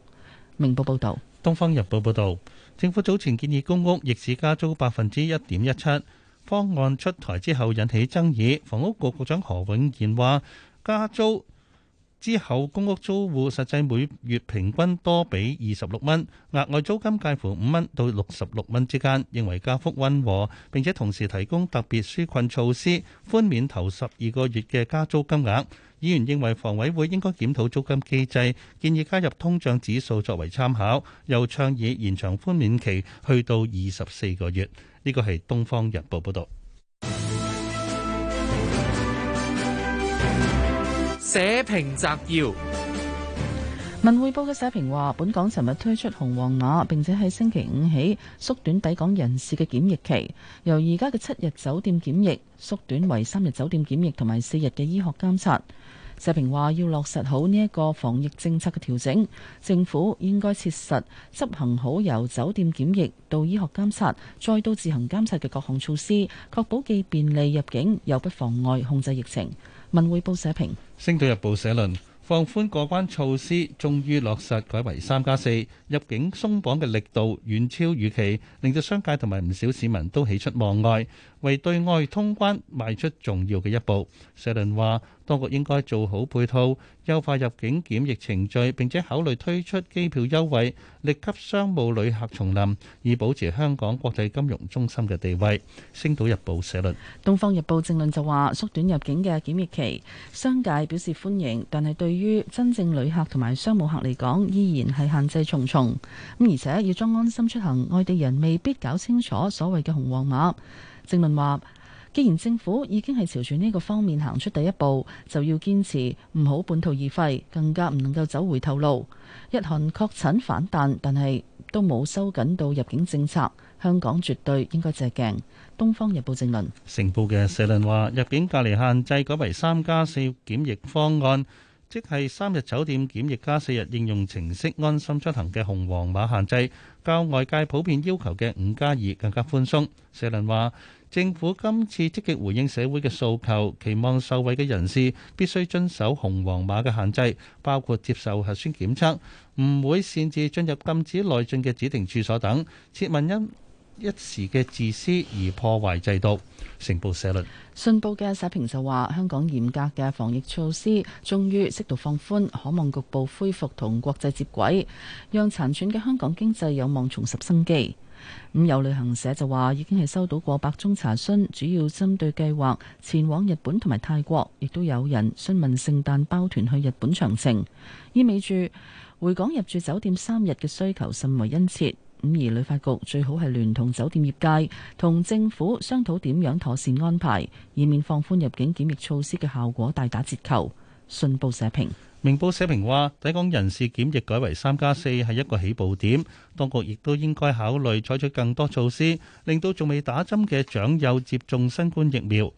Speaker 3: 明報報道。
Speaker 4: 東方日報報道，政府早前建議公屋逆市加租百分之一點一七，方案出台之後引起爭議。房屋局局長何永賢話，加租之後公屋租戶實際每月平均多俾二十六蚊，額外租金介乎五蚊到六十六蚊之間，認為加幅温和，並且同時提供特別紓困措施，寬免頭十二個月嘅加租金額。議員認為房委會應該檢討租金機制，建議加入通脹指數作為參考，又倡議延長寬免期去到二十四個月。呢個係《東方日報》報道。
Speaker 8: 社評摘要：
Speaker 3: 文匯報嘅社評話，本港尋日推出紅黃碼，並且喺星期五起縮短抵港人士嘅檢疫期，由而家嘅七日酒店檢疫縮短為三日酒店檢疫同埋四日嘅醫學監察。社評話要落實好呢一個防疫政策嘅調整，政府應該切實執行好由酒店檢疫到醫學監察再到自行監察嘅各項措施，確保既便利入境又不妨礙控制疫情。文匯報社評。
Speaker 4: 星島日報社論。放寬過關措施終於落實，改為三加四入境鬆綁嘅力度遠超預期，令到商界同埋唔少市民都喜出望外，為對外通關邁出重要嘅一步。社論話，當局應該做好配套，優化入境檢疫程序，並且考慮推出機票優惠，力吸商務旅客重臨，以保持香港國際金融中心嘅地位。星島日報社論，
Speaker 3: 東方日報正論就話縮短入境嘅檢疫期，商界表示歡迎，但係對於於真正旅客同埋商務客嚟講，依然係限制重重。咁而且要裝安心出行，外地人未必搞清楚所謂嘅紅黃碼。正論話，既然政府已經係朝住呢個方面行出第一步，就要堅持唔好半途而廢，更加唔能夠走回頭路。日韓確診反彈，但係都冇收緊到入境政策，香港絕對應該借鏡。《東方日報》正論，
Speaker 4: 成報嘅社論話，入境隔離限制改為三加四檢疫方案。即係三日酒店檢疫加四日應用程式安心出行嘅紅黃碼限制，較外界普遍要求嘅五加二更加寬鬆。社論話，政府今次積極回應社會嘅訴求，期望受惠嘅人士必須遵守紅黃碼嘅限制，包括接受核酸檢測，唔會擅自進入禁止內進嘅指定住所等。薛文因。一時嘅自私而破壞制度，成報社論。
Speaker 3: 信報嘅社評就話：香港嚴格嘅防疫措施終於適度放寬，可望局部恢復同國際接軌，讓殘喘嘅香港經濟有望重拾生機。咁、嗯、有旅行社就話已經係收到過百宗查詢，主要針對計劃前往日本同埋泰國，亦都有人詢問聖誕包團去日本詳情，意味住回港入住酒店三日嘅需求甚為殷切。五二，旅發局最好係聯同酒店業界同政府商討點樣妥善安排，以免放寬入境檢疫措施嘅效果大打折扣。信報社評。
Speaker 4: 明報社評話，抵港人士檢疫改為三加四係一個起步點，當局亦都應該考慮採取更多措施，令到仲未打針嘅長幼接種新冠疫苗。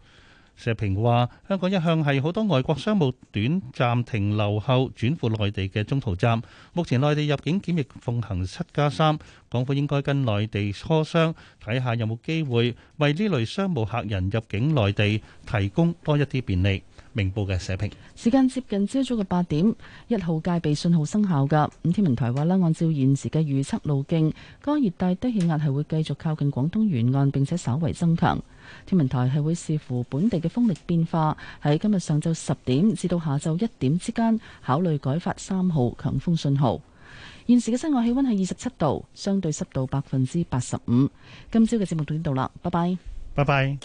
Speaker 4: 社評話：香港一向係好多外國商務短暫停留後轉赴內地嘅中途站。目前內地入境檢疫奉行七加三，港府應該跟內地磋商，睇下有冇機會為呢類商務客人入境內地提供多一啲便利。明報嘅社評。
Speaker 3: 時間接近朝早嘅八點，一號戒備信號生效㗎。咁天文台話咧，按照現時嘅預測路徑，該熱帶低氣壓係會繼續靠近廣東沿岸，並且稍為增強。天文台係會視乎本地嘅風力變化，喺今日上晝十點至到下晝一點之間考慮改發三號強風信號。現時嘅室外氣温係二十七度，相對濕度百分之八十
Speaker 10: 五。今朝嘅節目到呢度啦，拜拜，拜拜。